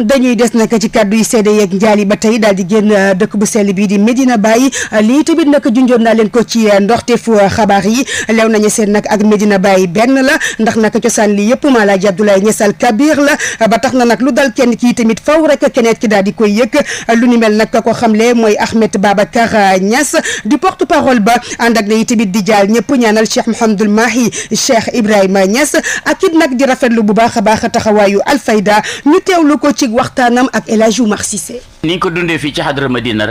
bu sell bii di Medina Baye lii tamit nag junjoon naa leen ko ci ndorteefu xabaar yi lew nañu seen nag ak Medina Baye benn la ndax nag cosaan li yëpp Maalaaji Abdoulaye Niass Al Kabir la ba tax na nag lu dal kenn kii tamit faw rek keneen ki daal di koy yëg lu ni mel nag ko xamle mooy Ahmed Babacar Niass di porte parole ba ànd ak na tamit di jaal ñëpp ñaanal Cheikh Mouhamadul Mahi Cheikh Ibrahima ñas ak it nag di rafetlu bu baax a baax taxawaayu Alfayda ñu teewlu ko ci waxtaanam ak El Hadj Oumar Cissé. ni ñu ko dundee fii ci xadra Madina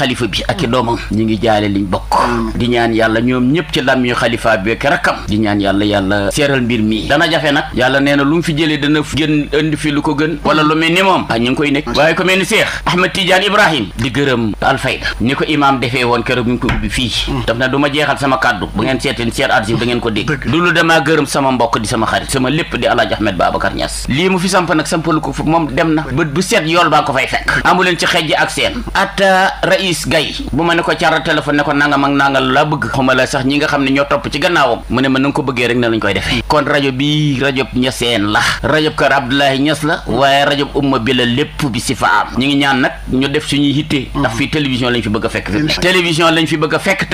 xalifa bi ak i mm. doomam ñu ngi jaale liñ bokk mm. di ñaan yàlla ñoom ñëpp ci lam ñu xalifa bi ak rakkam di ñaan yàlla yàlla seeral mbir mii dana jafe nag yàlla nee na lu mu fi jëlee dana gën indi fi lu ko gën wala lu mel ni moom ah ñu ngi koy nekk waaye ko mel ni Seex Ahmed Tidiane Ibrahim di gërëm alfayda ni ko imaam defee woon keroog mi ngi ko ubbi fii mm. daf na du jeexal sama kàddu bu ngeen seeteen seet archive da ngeen ko dégg loolu damaa gërëm sama mbokk di sama xarit sama lépp di Alaaji Ahmed Babacar Niass lii mu fi samp nag sampalu ko moom dem na bu seet yool baa ko fay fekk amuleen ci xejj ak seen ata Raïs Gaye bu ma ne ko caara téléphone ne ko nangam ak nangal laa bëgg xuma la sax ñi nga xam ne ñoo topp ci gannaawam mu ne ma na nga télévision lañ fi bëgg a fekk fi télévision lañ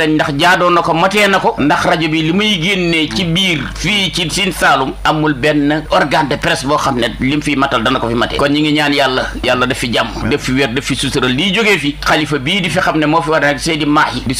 a ndax jaadoo ko matee ko ndax rajo bi li muy génnee ci hmm. biir fii ci Sine Saalum amul benn organe de presse boo xam ne lim fi matal dana ko fi matee kon ñi ngi ñaan yàlla yàlla def fi jàmm hmm. def fi wér def fi sutura lii jógee fi xalifa bii di fi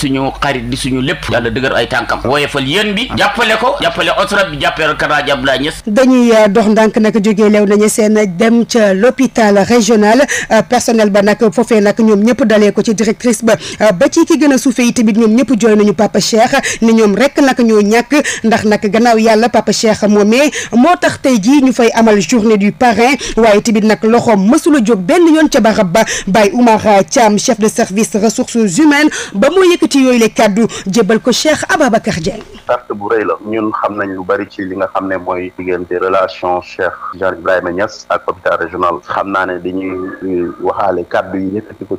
suñu xarit di suñu lépp yàlla dëgër ay tànkam woyefal yéen bi jàppale ko jàppale osra bi jàppale Karaja Abdoulaye Niass dañuy euh, dox ndànk nag jógee leew nañu seen dem ca l'hôpital régional euh, personnel ba nag foofee nag ñoom ñëpp dalee ko ci directrice ba euh, ba ci ki gën a suufee yi tamit ñoom ñëpp jooy nañu papa Cheikh ne ñoom rek naka ñoo ñàkk ndax nag gannaaw yàlla papa Cheikh moomee moo tax tey jii ñu fay amal journée du parrain waaye tamit nag loxoom mësula jóg benn yoon ca barab ba Baye Oumar Thiam chef de service ressources humaines ba moo yëkkati yooyu le kàddu jébbal ko Cheikh Ababacar Dieng. tàrt bu rëy la ñun xam nañ lu bari ci li nga xam ne mooy diggante relation Cheikh Jean Ibrahima Niass ak hôpital régional xam naa ne dañuy waxaale kàddu yi ko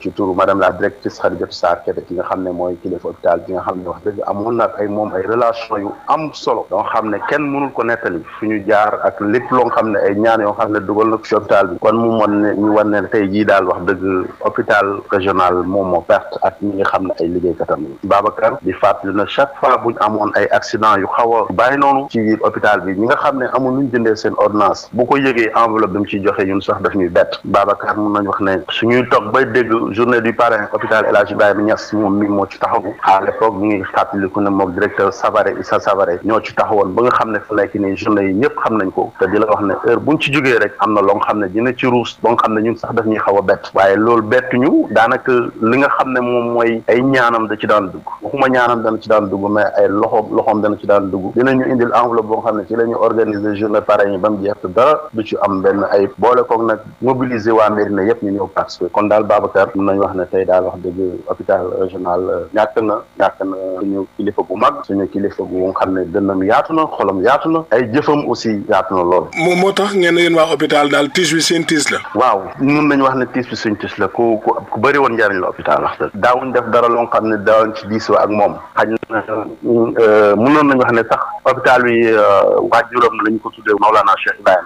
directrice Khadijatou Sarr Kébé ki nga xam ne mooy kilifa hôpital bi nga xam ne wax dëgg amoon na ak ay moom ay relation yu am solo doo xam ne kenn mënul ko nettali fu ñu jaar ak lépp loo xam ne ay ñaan yoo xam ne dugal na ko ci hôpital bi kon mu mën ne ñu ne tey jii daal wax dëgg hôpital régional moom moo perte ak ñi nga xam ne ay liggéeykatam Babacar di fàttali na chaque fois bu amoon ay accident yu xaw a bàyyi noonu ci biir hôpital bi ñi nga xam ne amul lu ñu jëndee seen ordonnance bu ko yëgee enveloppe bi mu ciy joxe ñun sax daf ñuy bett Babacar mun nañu wax ne suñuy toog hôpital El Hadj Ibrahima Niass moom mi moo ci taxawu à l'époque ñu ngi fàttaliku ne moom directeur Savare Issa Savare ñoo ci taxawoon ba nga xam ne fu nekk nii journée yi ñëpp xam nañ ko te di la wax ne heure buñ ci jógee rek am na loo xam ne dina ci ruus ba nga xam ne ñun sax daf ñuy xaw a bett waaye loolu bettuñu daanaka li nga xam ne moom mooy ay ñaanam da ci daan dugg waxuma ñaanam dana ci daan dugg mais ay loxoom loxoom dana ci daan dugg ñu indil enveloppe boo xam ne ci la ñu organiser journée parrain yi ba boole koog nag waa Mérina yëpp ñu kon daal Babacar wax ne tey daal daal wax dëgg hôpital régional euh, ñàkk na ñàkk na suñu kilifa bu mag suñu kilifa bu nga xam na xolam yaatu na ay jëfam aussi yaatu moo tax ngeen yéen waa hôpital daal tiis bi seen mun nañu wax ne tiis bi suñ tiis la ku ku bëri woon njariñ la hôpital wax dëgg daawuñ def dara loo xam ne daawuñ ci diisoo ak moom xaj na euh, mënoon nañu wax ne sax hôpital bi euh, waajuram lañ ko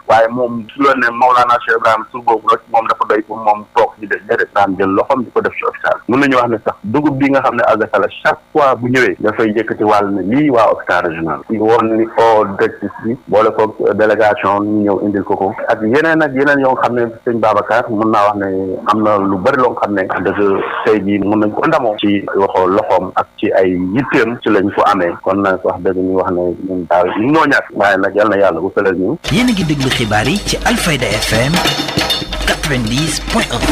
waaye moom su la ne Maulana Cheikh Ibrahima tur boobu rek moom dafa doy pour moom toog ñu jël loxoom di ko def ci Sall mun nañu wax ne sax dugub bi nga xam ne Agatha la chaque fois bu ñëwee dafay yëkkati wàll ne lii waa hôpital régional ci woon ni o directrice bi boole koog délégation ñu ñëw indil ko ko ak yeneen ak yeneen yoo xam ne sëñ Babacar mun naa wax ne am na lu bari loo xam ne dëgg tey jii mun nañ ko ndamoo ci waxoo loxoom ak ci ay yitteem ci lañ ko amee kon ko wax dëgg ñu wax ne ñun daal ñoo ñàkk waaye nag yal na yàlla bu fëlal ñu yéen a déglu xibaar 90.1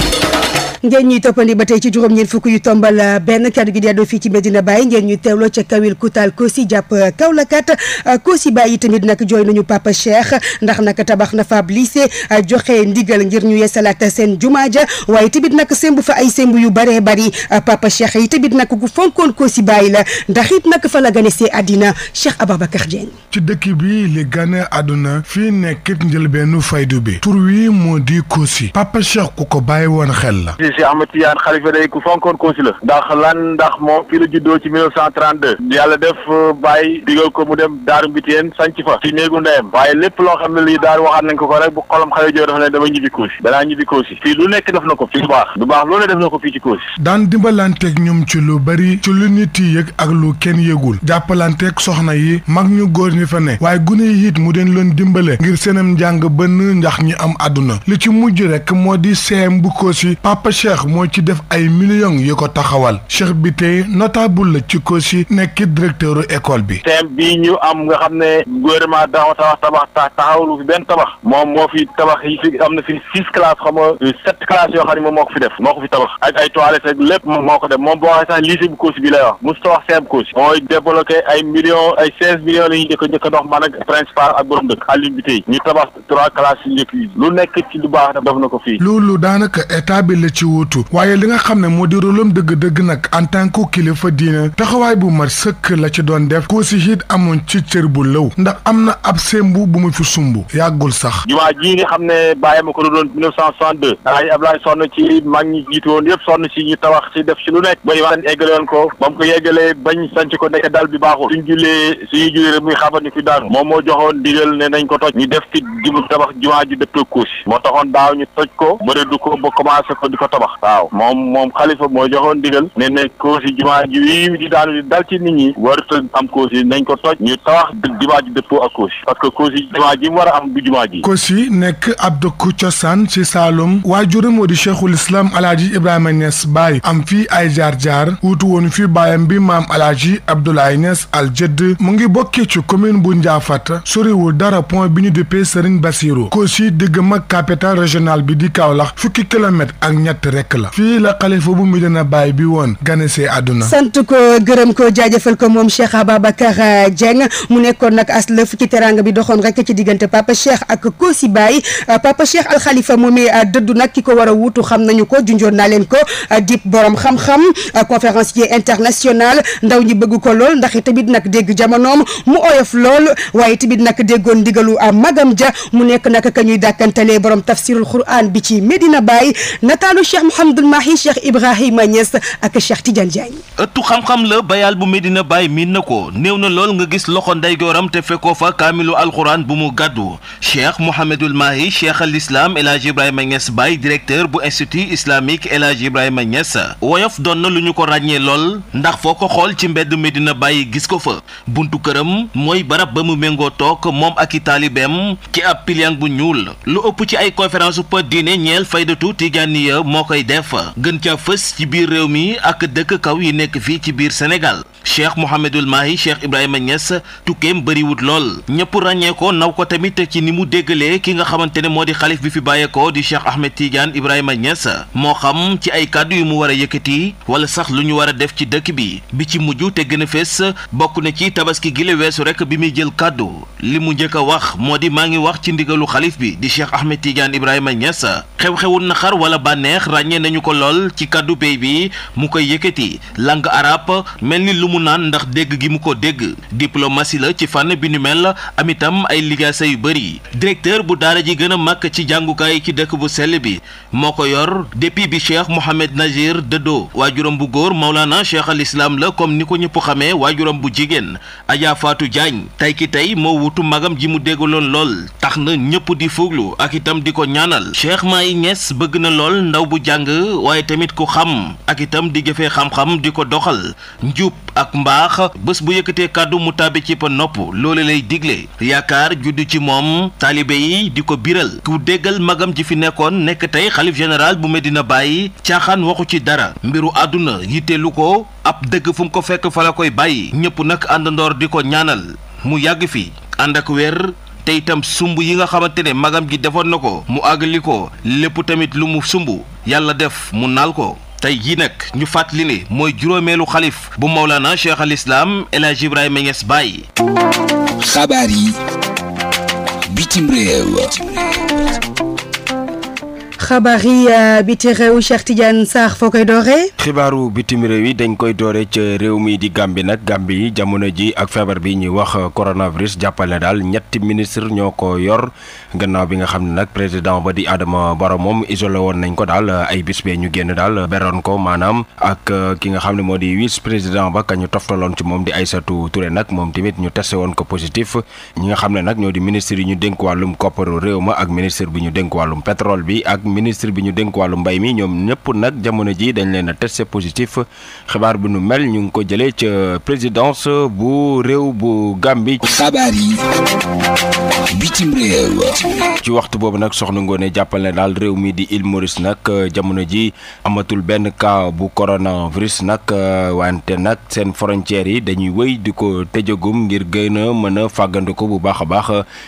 ngeen ñuy toppandi ba tey ci juróom ñeen fukk yu tombal euh, benn kaddu gi di àddoo fii ci Medina bàyyi ngeen ñuy teewloo ca kawil Koutal Kossy jàpp euh, Kaolakat euh, Kossy bàyyi tamit nag jooy nañu Papa Cheikh ndax nak tabax na faab lycée joxe ndigal ngir ñu yeesalaat seen jumaa ja waaye tamit nag semb fa ay sembu yu bëree bari Papa Cheikh yi tamit nag ku fonkoon Kossy bàyyi la ndax it nag fa la gane àddina Cheikh Ababacar Dieng. ci dëkk bi li gane àdduna fii nekkit njëlbeenu bi Papa Cheikh ku ko bàyyi woon xel la si si Ahmed Tidiane Khalifa ku fonkoon consi la ndax lan ndax moom fii la juddoo ci 1932 yàlla def euh, bàyyi digal ko mu dem daaru mbitéen sanc fa ci néegu ndeyam waaye lépp loo xam ne lii daar waxaat nañ ko ko rek bu xolam xale joo dafa ne dama ñibbi Kossy danaa ñibbi Kossy fii lu nekk def na ko fii lu baax lu baax loolu def na ko fii ci Kossy daan dimbalanteeg ñoom ci lu bari ci lu nit yëg ak lu kenn yëgul jàppalanteeg soxna yi mag ñu góor ñi fa ne waaye gune yi it mu den loon dimbale ngir seenam njàng bënn ndax ñi am àdduna rek moo di CM bu Kossy Papa Cheikh moo ci def ay millions yu ko taxawal Cheikh bi tey notable la ci Kossy nekk directeuru école bi. CM bii ñu am nga xam ne gouvernement daaw tabax tabax taxawlu fi benn tabax moom moo fi tabax yi fi am na fi six classes xam nga euh, sept classes yoo xam ne moom moo ko fi def moo ko fi tabax ak ay toilettes ak lépp moom moo ko def moom boo waxee sax lycée bu Kossy bi lay wax mosut a ay millions ay seize millions la ñuy njëkk a njëkk ñu tabax trois classes yi lu nekk ci wax na fii loolu daanaka état bi la ci wuutu waaye li nga xam ne moo di rôlam dëgg-dëgg nag en tant que kilifa diina taxawaay bu mat sëkk la ci doon def koo si hiit amoon ci cër bu lëw ndax am na ab sembu bu mu fi sumb yàggul sax jumaa ji nga xam ne bàyyi ma ko lu doon 1962 ay Ablaay sonn ci mag ñi jiitu woon yëpp sonn si ñu tabax si def si lu nekk booy imaam eggale woon ko ba mu ko yeggalee bañ sanc ko nekk dal bi baaxul suñ jullee suñu jullee muy xabar fi daanu moom moo joxoon digal ne nañ ko toj ñu def fi jumu tabax jumaa ju dëppoo kuusi moo taxoon daaw toj ko ba réddu ko ba commencé ko di ko tabax waaw moom moom xalifa moo joxoon digal ne ne koosi jumaa ji wii di daanu di dal ci nit ñi warut am koosi nañ ko toj ñu tabax jumaa ji dëppoo ak koosi parce que koosi jumaa ji mu war a am du jumaa ji koosi nekk ab dëkku cosaan ci Saalum waajuram moo di cheikhul islam alaaji Ibrahima Niass Baye am fii ay jaar-jaar wuutu woon fii baayam bi maam alaaji Abdoulaye Niass al Jëdd mu ngi bokkee ci commune bu Njaafat soriwul dara point bi ñu duppee Serigne Bassirou koosi digg mag régional capitale bi di Kaolack fukki kilomètre ak ñett rek la fii la xalifa bu Medina Baye bi woon ganesee àdduna sant ko gërëm ko jaajëfal ko moom Cheikh Ababacar Dieng mu nekkoon nag bi doxoon rek ci diggante Papa Cheikh ak Kosi Baye Papa Cheikh Al Khalifa ah, ki ko war a wuutu xam nañu ko junjoon naa leen ko ah, dip borom xam-xam ah, conférencier international ndaw ñi bëgg ko lool ndax tamit nag dégg jamonoom mu oyof lool waaye tamit nag déggoon ndigalu magam ja mu nekk nag ka ñuy dàkkantalee borom tafsirul xur alquran bi ci Medina Baye nataalu Cheikh xam-xam la bayal bu Medina Baye miin na ko néew na lool nga gis loxo ndeyjooram te fekkoo fa kaamilu alquran bu mu gàddu Cheikh Mouhamadul Mahi Cheikh al Islam El Hadj Ibrahima Niass Baye directeur bu institut islamique El Hadj Ibrahima Niass woyof doon na lu ñu ko ràññee lool ndax foo ko xool ci mbedd Medina Baye gis ko fa buntu këram mooy barab ba mu méngoo toog moom ak i taalibeem ci ab piliang bu ñuul lu ëpp ci ay conférence xidma diine ñeel faydatu tijaaniya moo koy def gën ca fës ci biir réew mi ak dëkk kaw yi nekk fii ci biir Sénégal cheikh Mouhamadul Mahi cheikh Ibrahima Niass tukkeem bëriwut lool ñëpp ràññee ko naw ko tamit ci ni mu déggalee ki nga xamante ne moo di xalif bi fi bàyyeekoo di cheikh Ahmed Tidiane Ibrahima Niass moo xam ci ay kàddu yu mu war a yëkkati wala sax lu ñu war a def ci dëkk bi bi ci mujj te gën a fees bokk na ci tabaski gi la weesu rek bi muy jël kàddu li mu njëkk a wax moo di maa ngi wax ci ndigalu xalif bi di cheikh Ahmed Tidiane Ibrahima Niass xew-xewu naqar wala bànneex ràññee nañu ko lool ci kàddu béy bi mu koy yëkkati mu naan ndax dégg gi mu ko dégg diplomasi la ci fànn bi nu mel la am itam ay ligaasa yu bëri directeur bu daara ji gën a màg ci jàngukaay ci dëkk bu sell bi moo ko yor depuis bi cheikh Mohamed Nazir dëddoo waajuram bu góor Maulana cheikh al islam la comme ni ko ñëpp xamee waajuram bu jigéen Adja Fatou Diagne tey ki tey moo wutu magam ji mu déggaloon lool tax na ñëpp di fuglu ak itam di ko ñaanal cheikh Mahi Niass bëgg na lool ndaw bu jàng waaye tamit ku xam ak itam di jëfee xam di ko doxal ak mbaax bés bu yëkkatee kàddu mu tàbbi ci pa nopp loole lay digle yaakaar juddu ci moom taalibe yi di ko biral ku déggal magam ji fi nekkoon nekk tey xalif général bu dina bàyyi caaxaan waxu ci dara mbiru àdduna yitteelu ko ab dëgg fum ko fekk fa la koy bàyyi ñëpp nag àndandoor di ko ñaanal mu yàgg fi ànd ak wér te itam sumb yi nga xamante ne magam ji defoon na ko mu àggali ko lépp tamit lu mu sumb yàlla def mu naal ko tey jii nag ñu fàttali ne mooy juróomeelu xalif bu Mawlana Cheikh al El Hadj Ibrahima Niass Baye. xabaar yi bitim réew. xabaar yi euh, biti réew Cheikh Tidiane Sarr foo koy dooree. xibaaru bitim réew yi dañ koy dooree ca réew mi di Gambie nag Gambie yi jamono ji ak feebar bi ñuy wax euh, coronavirus jàppale daal ñetti ministre ñoo ko yor gannaaw bi nga xam ne nag président ba di Adama Barrow moom isolé woon nañ ko daal euh, ay bis ñu génn daal beroon ko maanaam ak ki nga xam ne moo di vice président ba ka ñu toftaloon ci moom di Aïssatou ture nag moom tamit ñu testé woon ko positif ñi nga xam ne nag ñoo di ministre yi ñu dénk wàllum kopparu réew ma ak ministre bi ñu dénk wàllum pétrole bi ministre bi ñu dénk wàllu mbay mi ñoom ñëpp nag jamono ji dañ leen a testé positif xibaar bu nu mel ñu ngi ko jëlee ca présidence bu réew bu Gambie. xabaar ci waxtu boobu nag soxna Ngoone jàppal ne daal réew mi di il Maurice nag euh, jamono ji amatul benn cas bu coronavirus nag euh, wante nag seen frontières yi dañuy wéy di ko tëjagum ngir gën a mën a fàggandiku bu baax a baax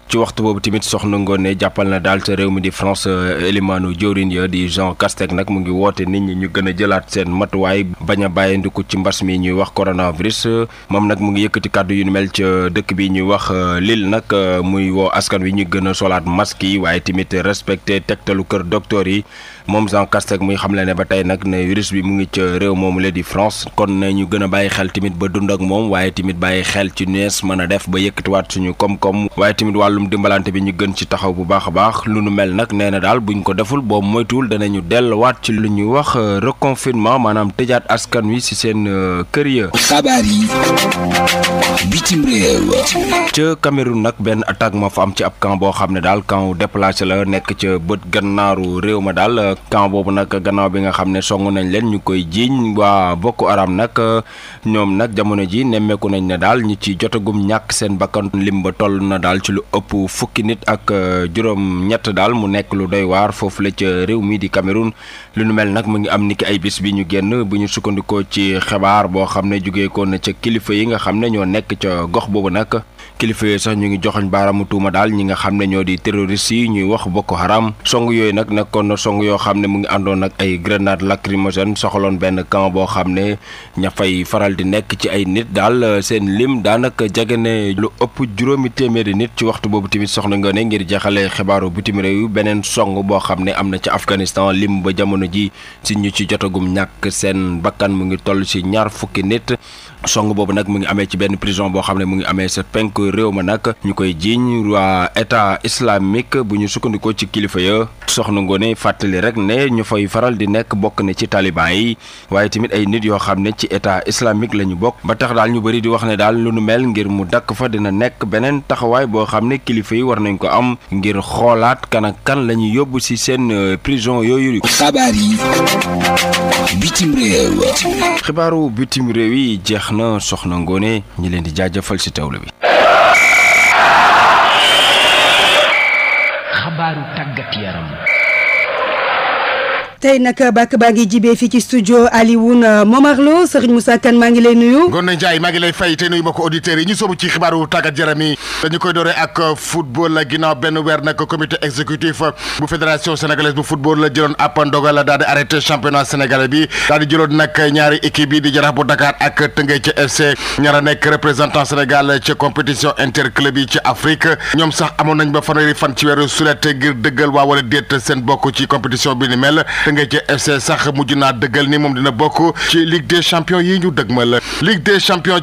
ci waxtu boobu tamit soxna Ngoone jàppal na daal ca réew mi di France euh, Elimano jëwriñ ya di Jean Castex nag mu ngi woote nit ñi ñu gën a jëlaat seen matuwaay bañ a bàyyindiku ci mbas mi ñuy wax coronavirus moom nag mu ngi yëkkati kàddu yu nu mel ca dëkk bi ñuy wax euh, Lille nag euh, muy woo askan wi ñu gën a solaat masque yi waaye tamit respecté tegtalu kër docteur yi moom Jean Castex muy xamle ne ba tey nag ne virus bi mu ngi ca réew moomu la di France kon na ñu gën a bàyyi xel tamit ba dund ak moom waaye tamit bàyyi xel ci nees mën def ba yëkkatiwaat suñu koom-koom waaye tamit wàllum dimbalante bi ñu gën ci taxaw bu baax a baax lu nu mel nag nee na daal buñ ko deful boobu moytuwul danañu delluwaat ci lu ñuy wax euh, reconfinement maanaam tëjaat askan wi si seen euh, kër ya. xabaar yi bitim réew. ca Cameroun nag benn attaque moo am ci ab camp boo xam ne daal camp déplacé la nekk ca bët gannaaru réew ma daal. Euh, camp boobu nag gannaaw bi nga xam ne song nañ leen ñu koy jiiñ waa bokk araam nag ñoom nag jamono ji nemmeeku nañ ne daal ñi ci jotagum ñàkk seen bakkan lim ba toll na daal ci lu ëpp fukki nit ak euh, juróom ñett daal mu nekk lu doy waar foofu la ca réew mi di Cameroun lu nu mel nag mu ngi am niki ay bis bi ñu génn bu ñu sukkandikoo ci xibaar boo xam ne jugeekoo na ca kilifa yi nga xam ne ñoo nekk ca gox boobu nag kilifa yooyu sax ñu ngi joxoñ baaraamu daal ñi nga xam ne ñoo di terroriste yi wax Boko Haram yooyu nag nekkoon xam ne mu ngi àndoon ak ay grenade lacrymogène soxaloon benn camp boo xam ne ña fay faral di nekk ci ay nit daal euh, seen lim daanaka jege ne lu ëpp juróomi téeméeri nit ci waxtu boobu tamit soxna nga ne ngir jaxale xibaaru bitim réew beneen song boo xam ne am na ci Afghanistan lim ba jamono ji si ñu ci jotagum ñàkk seen bakkan mu ngi toll ci ñaar fukki nit song boobu nag mu ngi amee ci benn prison boo xam ne mu ngi amee sa penk réew ma nag ñu koy jiiñ waa état islamique bu ñu sukkandikoo ci kilifa ya soxna Ngoné fàttali rek ne ñu fay faral di nekk bokk na ci taliban yi waaye tamit ay nit yoo xam ne ci état islamique la ñu bokk ba tax daal ñu bëri di wax ne daal lu nu mel ngir mu dakk fa dina nekk beneen taxawaay boo xam ne kilifa yi war nañ ko am ngir xoolaat kan ak kan la yóbbu ci seen euh, prison yooyu. xabaaru na soxna Ngoné ñi leen di jaajëfal ci teewlu bi. xabaaru tàggat yaram. tey nag bàkk baa ngi jibee fii ci studio Alioune euh, Momar Lo Serigne Moussa Kane maa ngi lay nuyu. Ngoné Ndiaye maa ngi lay fay te nuyu ma ko auditeurs yi ñu soobu ci xibaaru tàggat yaram yi dañu koy dooree ak euh, football ginnaaw benn weer nag comité exécutif euh, bu fédération sénégalaise bu la jëloon ab ndogal daal di arrêté championnat sénégalais bi daal di jëloon nag ñaari équipe bi di Jaraaf bu Dakar ak Teungueth ca FC ñaara nekk représentant Sénégal ci compétition interclub yi ci Afrique ñoom sax amoon nañ ba fanweeri fan ci weeru sulet ngir dëggal waa wala déet seen bokk ci compétition bi ni mel Teungueth FC sax mujj moom dina bokk ci Ligue des champions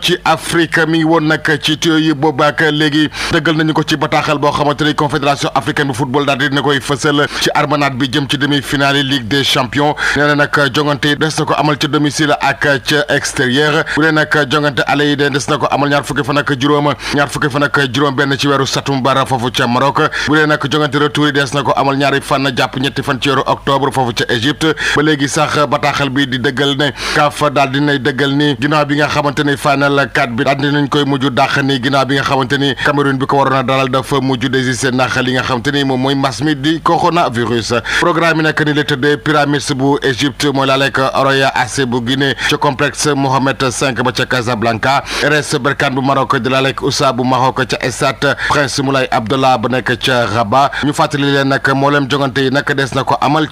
ci Afrique mi ngi woon nag ci tuyau yi boobaak léegi dëggal nañu ko ci bataaxal boo xamante ni confédération africaine bu football daal di na koy fësal ci armanade bi jëm ci demi-finale Ligue des champions nee na jongante yi des na ko amal ca domicile ak ca extérieur bu dee nag jongante ale de des na ko amal ñaar fukki fan ak juróom ñaar fukki fan ak benn ci weeru satumbar foofu ca Maroc bu dee nag jongante retour yi des na ko amal ñaari fan jàpp ñetti fan ci weeru octobre foofu ca Égypte ba léegi sax bataaxal bi di dëggal ne kaaf daal dinay dëggal ni ginnaaw bi nga xamante ni final kat bi daal dinañ koy mujj dàq ni ginnaaw bi nga xamante ni Cameroun bi ko waroon a dalal dafa mujj désisté li nga xamante ni moom mooy mas di coronavirus programme yi nag ni la tëddee pyramides bu Égypte mooy laaleek Horoya AC bu Guinée ca complexe Mohamed V ba ca Casablanca RS Berkane bu Maroc di laaleek Oussa bu Maroc ca Stade Prince Moulay Abdallah ba nekk ca Rabat moo leen jongante yi nag des na ko amal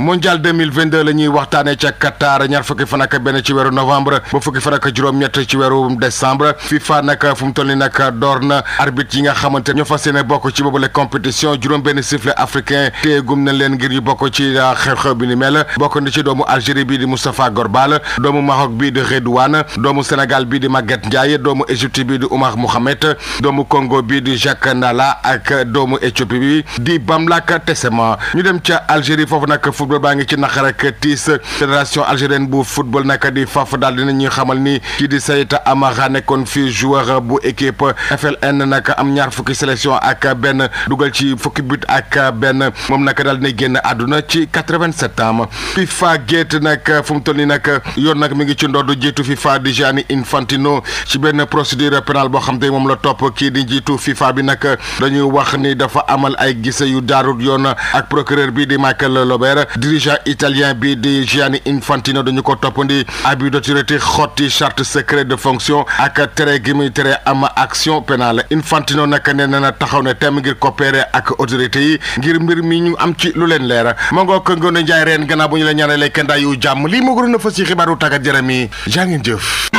mondial 2022 la ñuy waxtaanee ca Qatar ñaar fukki fan ak benn ci weeru novembre ba fukki fan ak juróom-ñett ci weeru décembre FIFA nag fu mu toll nii nag door na arbitre yi nga xamante ñoo fas yéene bokk ci boobule compétition juróom-benn sifflet africain téegum nañ leen ngir ñu bokk ci ah, xew-xew bi ni mel bokk na ci doomu Algérie bi di Moustapha Gorbal doomu Maroc bii di Redouane doomu Sénégal bii di Maguette Ndiaye doomu Égypte bi di Oumar Mohamed doomu Congo bii di Jacques Ndala ak doomu Éthiopie bi di Bamlak Tessema ñu dem ca Algérie foofu nag nag football baa ngi ci naqar ak tiis fédération algérienne bu football nag di faf daal dina ñuy xamal ni kii di Saïd Amara nekkoon fii joueur bu équipe FLN nag am ñaar fukki sélection ak benn dugal ci fukki but ak benn moom nag daal dina génn àdduna ci quatre-vingt-sept ans FIFA nag fu mu nii nag yoon nag mi ngi ci ndoddu jiitu FIFA di Gianni Infantino ci benn procédure pénale boo xam te moom la topp kii di jiitu FIFA bi nag dañuy wax ni dafa amal ay gise yu jaarut yoon ak procureur bi di Michael Lobe weer dirigeant italien bi di Gianni Infantino dañu ko toppandi abus d'autorité xotti charte secret de fonction ak tere gi muy tere am action pénale Infantino nag nee na taxaw ne tem ngir coopérer ak autorité yi ngir mbir mi ñu am ci lu leen leer moo ngoo ko ngoon njaay reen gannaaw bu ñu la ñaanalee kendaa yu jàmm lii moo gënoon a fës ci xibaaru tàggat yaram yi jaa ngeen jëf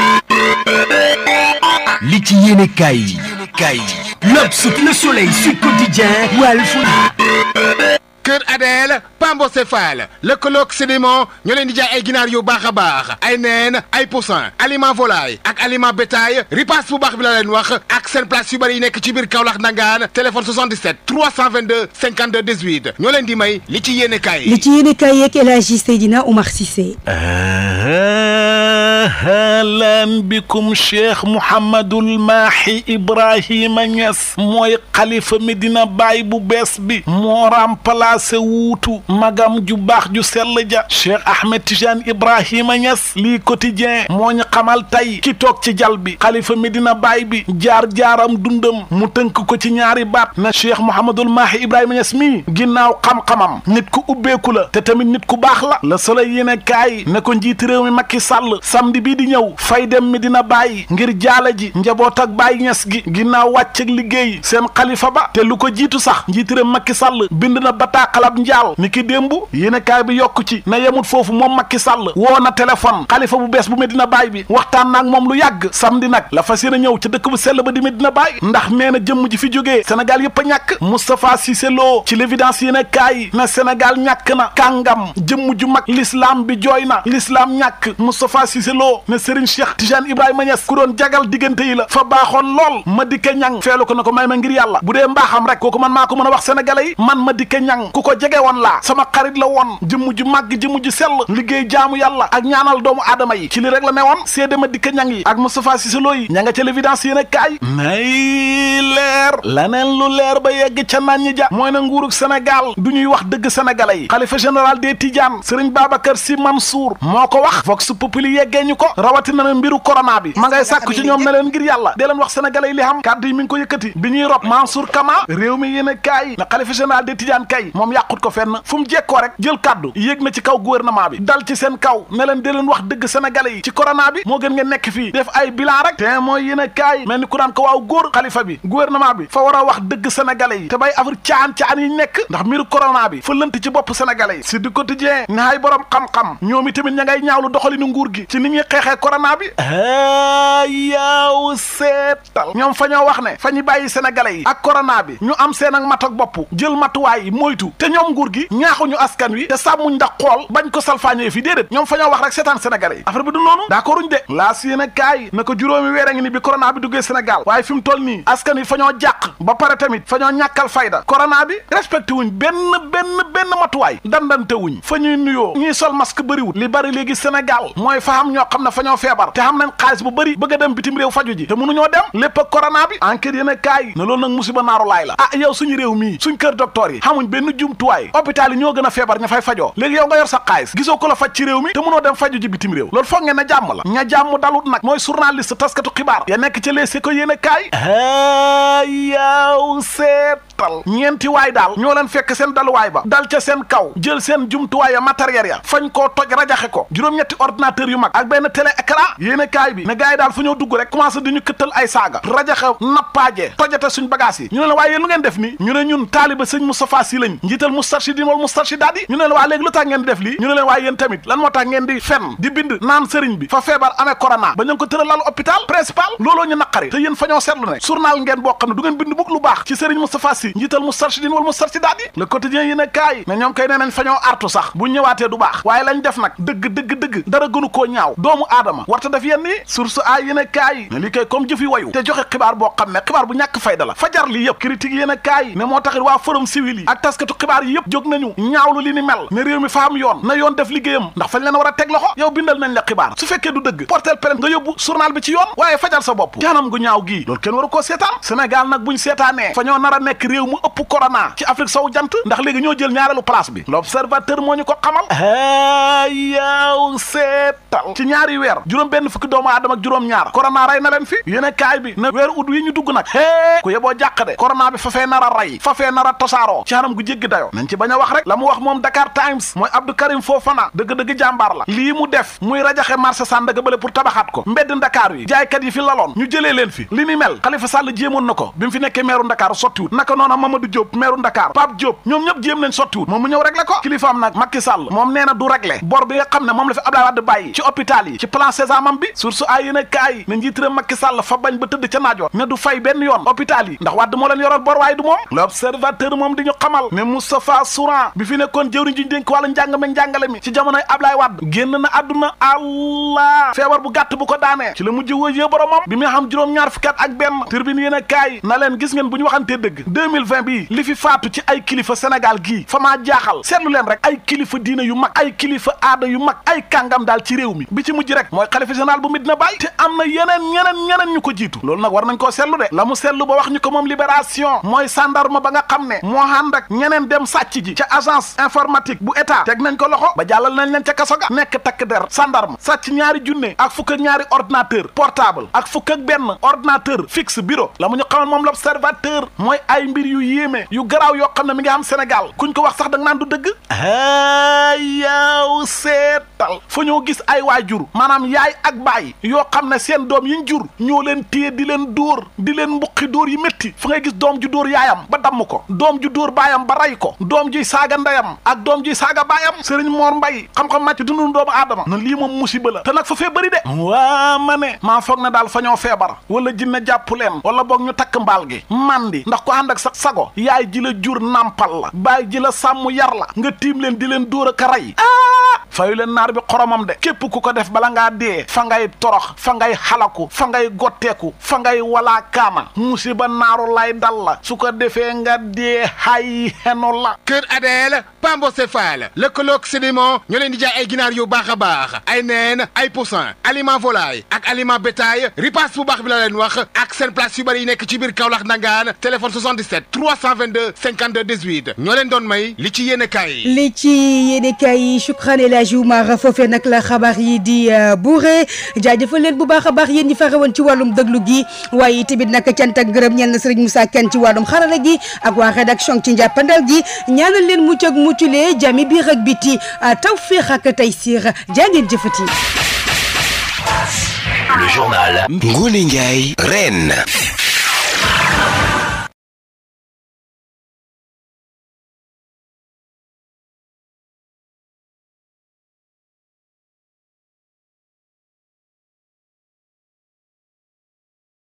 li ci yéene kaay yi kaay yi L'Obs, Le Soleil, Sud Quotidien, Walf Kër Adel Pambo Céphale lëkkaloog sédiment ñoo leen di jaay ay ginaar yu baax a baax ay neen ay poussin aliment volaille ak aliment bétail ripaas bu baax bi la leen wax ak seen place yu bëri yi nekk ci biir Kaolack nangaan téléphone 77 322 52 18 ñoo leen di may li ci yéene kaay li ci yéene kaay yeeg El Hadji Seydina Oumar Cissé. bikum cheikh Mouhamadul Mahi mooy xalifa Medina Baye bu bees bi paase wuutu magam ju baax ju sell ja Cheikh Ahmed Tidiane Ibrahima Niass lii quotidien moo ñu xamal tey ki toog ci jal bi xalifa dina Baay bi jaar-jaaram dundam mu tënk ko ci ñaari baat na Cheikh Mouhamadul Mahi Ibrahima Niass mii ginnaaw xam-xamam nit ku ubbeeku la te tamit nit ku baax la la Soleil yéene kaay ne ko njiiti réew mi Macky Sall samedi bii di ñëw fay dem dina Baay ngir jaale ji njaboot ak Baay Niass gi ginnaaw wàcc ak liggéey seen xalifa ba yàqalab njaal ni ki démb yéen a kaay bi yokk ci na yemut foofu moom Macky Sall woo na téléphone xalifa bu bees bu Medina Baay bi waxtaan naag moom lu yàgg samedi nag la fas yéene ñëw ca dëkk bu sell ba di Medina Baay ndax nee na jëmm ji fi jógee Sénégal yëpp a ñàkk Moustapha Cissé Lo ci l'évidence yéen a kaay na Sénégal ñàkk na kàngam jëmm ju mag l'islam bi jooy na l'islam ñàkk Moustapha Cissé Lo ne Serigne Cheikh Tijane Ibrahima Niass ku doon jagal diggante yi la fa baaxoon lool ma dikke ñang feelu ko na ko may ma ngir yàlla bu dee mbaaxam rek kooku man maa ko mën a wax sénégalais yi man ma dikke ñang ku ko jege woon laa sama xarit la woon jëmm ju màgg ji mujj sell liggéey jaamu yàlla ak ñaanal doomu aadama yi ci li rek la ne woon séedéma dikka ñang yi ak Moustapha Cissé Lo yi ña nga ca l'évidence yéen a kaay nay leer laneen lu leer ba yegg ca naan ñi ja mooy na nguurug Sénégal du ñuy wax dëgg sénégalais yi xalifa général des Tidiane Serigne Babacar Sy Mansour moo ko wax vox populi yeggee ñu ko rawati na na mbiru corona bi ma ngay sàkk ci ñoom na ngir yàlla dee leen wax sénégalais yi li xam kàddu yi mi ngi ko yëkkati bi ñuy rob Mansour Kama réew mi yéen a kaay na xalifa général moom yàqut ko fenn fu mu jekkoo rek jël kàddu yéeg na ci kaw gouvernement bi dal ci seen kaw ne leen di leen wax dëgg sénégalais yi ci corona bi moo gën ngeen nekk fii def ay bilan rek te mooy yéen a kaay mel ni ku naan ko waaw góor xalifa bi gouvernement bi fa war a wax dëgg sénégalais yi te bay afar caan caan yi nekk ndax mbiru corona bi fa lënt ci bopp sénégalais yi si du quotidien ne ay borom xam-xam ñoom i tamit ña ngay ñaawlu doxalinu nguur gi ci ni ñuy xeexee corona bi ñoom fa wax ne fa ñu bàyyi sénégalais yi ak corona bi ñu am seen ak mat ak jël matuwaay moytu te ñoom nguur gi ñaaxuñu askan wi te sàmmuñ ndax xool bañ ko salfaañee fi déedéet ñoom fa ñoo wax rek seetaan sénégalais yi affaire bi du noonu d'accorduñ de laas yéen a kaay na ko juróomi weer a ngi ni bi corona bi duggee sénégal waaye fi mu toll nii askan wi fa ñoo jàq ba pare tamit fa ñoo ñàkkal fayda corona bi respecté wuñ benn benn benn matuwaay dandante wuñ fa ñuy nuyoo ñuy sol masque bëriwul li bëri léegi sénégal mooy fa xam ñoo xam ne fa ñoo feebar te xam nañ xaalis bu bëri bëgg a dem réew faju ji te mënuñoo dem lépp ak corona bi enquête yéen a kaay na loolu nag ah suñu réew mii suñ kër docteur yi xamuñ benn jumtuwaay hôpital yi ñoo gën a feebar ña fay fajoo léegi yow nga yor sa xaalis gisoo ko la faj ci réew mi te mënoo dem faju ji bitim réew loolu foog ngeen ne jàmm la ña jàmm dalut nag mooy journaliste taskatu xibaar ya nekk ci Les Échos yéen kaay yaw seetal ñeenti waay daal ñoo leen fekk seen daluwaay ba dal ca seen kaw jël seen jumtuwaay ya matériel ya fañ koo toj rajaxe ko juróom-ñetti ordinateur yu mag ak benn télé écran yéen a kaay bi ne gars yi daal fu ñoo dugg rek commencé di ñu këttal ay saaga rajaxe nappaaje tojate suñ bagage yi ñu ne la waaye lu ngeen def ni ñu ne ñun taaliba njiital moustarchidine wal moustarchidaat yi ñu ne leen waa léegi lu tax ngeen di def lii ñu ne leen waaye yéen tamit lan moo tax ngeen di fenn di bind naan sëriñ bi fa feebar amee corona ba ko tëral lalu hôpital looloo ñu naqari te yéen fa ñoo ne journal ngeen boo xam ne du ngeen bind bukk lu baax ci sëriñ Moustapha Sy njiital moustarchidine wal moustarchidaat yi le quotidien yi ñëwaatee du baax waaye lañ def nag dëgg dëgg dëgg dara gënu xibaar yi yëpp jóg nañu ñaawlu li ni mel ne réew mi fa am yoon na yoon def liggéeyam ndax fañ leen war a teg loxo yow bindal nañ la xibaar su fekkee du dëgg portel plainte nga yóbbu journal bi ci yoon waaye fajal sa bopp jaanam gu ñaaw gii loolu kenn waru koo seetaan Sénégal nag buñ seetaanee fa ñoo nar a nekk réew mu ëpp corona ci Afrique sow jant ndax léegi ñoo jël ñaareelu place bi l'observateur moo ñu ko xamal yaw seetal ci ñaari weer juróom benn fukki doomu aadama juróom ñaar corona rey na leen fi yéen kaay bi na weer ut wi ñu dugg nag hee ku jàq de corona bi fa fee nar a rey fa fee nar a jéggi dayoo ci bañ a wax rek la mu wax moom Dakar Times mooy Abdou Karim Fofana dëgg-dëgg jàmbaar la lii mu def muy rajaxe marché Sandaga bële pour tabaxaat ko mbedd Ndakaaru yi jaaykat yi fi laloon ñu jëlee leen fi li ni mel Khalifa Sall jéemoon na ko bi mu fi nekkee meeru Ndakaaru sottiwut naka noona Mamadou Diop meeru Ndakaaru Pape Diop ñoom ñëpp jéem nañ sottiwut moom mu ñëw régler ko kilifaam nag Macky Sall moom nee na du régler bor bi nga xam Moustapha Souran bi fi nekkoon jëwriñ ji ñu dénk wàllu njàng njàngale mi ci jamonoy Ablaye Wade génn na àdduna allah feebar bu gàtt bu ko daanee ci la mujj woo yee boromam bi mu xam juróom-ñaar fukki at ak benn turbine yéen a kaay na leen gis ngeen bu ñu waxantee dëgg bii li fi faatu ci ay kilifa Sénégal gii fa maa jaaxal seetlu leen rek ay kilifa diina yu mag ay kilifa aada yu mag ay kàngam daal ci réew mi bi ci mujj rek mooy xalifa général bu Medina Baye te am na yeneen ñeneen ñeneen ñu ko jiitu loolu nag war ba wax ngeen dem sàcc ji ca agence informatique bu état teg nañ ko loxo ba jàllal nañ leen ca kaso ga nekk takk der sandarme sàcc ñaari junne ak fukk ak ñaari ordinateur portable ak fukk ak benn ordinateur fixe bureau la mu ñu xamal moom la l'observateur mooy ay mbir yu yéeme yu garaaw yoo xam ne mi ngi am Sénégal kuñ ko wax sax da naan du dëgg fa ñoo gis ay jur maanaam yaay ak baay yoo xam ne seen doom yiñ jur ñoo leen téye di leen dóor di leen mbuqi dóor yi métti fa ngay gis doom ju dóor am ba damm ko doom ju dóor baayam ba ray ko doom juy saaga ndeyam ak doom ji saaga baay baayam sëriñ Mor Mbay xam-xam màcc dundu doomu aadama na lii moom musiba la te nag fa fee bëri de waa ma ne maa foog ne daal fa ñoo feebar wala jinne jàpp leen wala boog ñu takk mbaal gi mandi ndax ko ànd ak sa sago yaay ji la jur nàmpal la baay ji sàmm yar la nga tiim leen di leen dóor a rey fayu moromam de képp ku ko def bala nga dee fa ngay torox fa ngay xalaku fa ngay gotteeku fa ngay walaa kaama musiba naaru lay la su ko defee nga dee xay xenu la kër Adel Pambo Céphale lëkkaloog sédiment ñoo leen di ay ginaar yu baax a baax ay neen ay poussin aliment volaille ak aliment bétail ripaas bu baax bi la leen wax ak seen place yu bëri nekk ci biir Kaolack Ndangaan téléphone 77 322 52 may li ci yéene kaay li ci yéene kaay yi Choukran El Hadji Oumar foofee nag la xabaar yi di euh, buuree jaajëfal leen bu baax a baax yéen ñi fare ci wàllum déglu gi waaye tamit nag cant ak gërëm ñeel na Serigne Moussa ci wàllum xarala gi ak waa rédaction ci njàppandal gi ñaanal leen mucc ak mucculee jami biir ak biti tawféex ak taysiir jaa ngeen jëfati Le journal Ngoné Ndiaye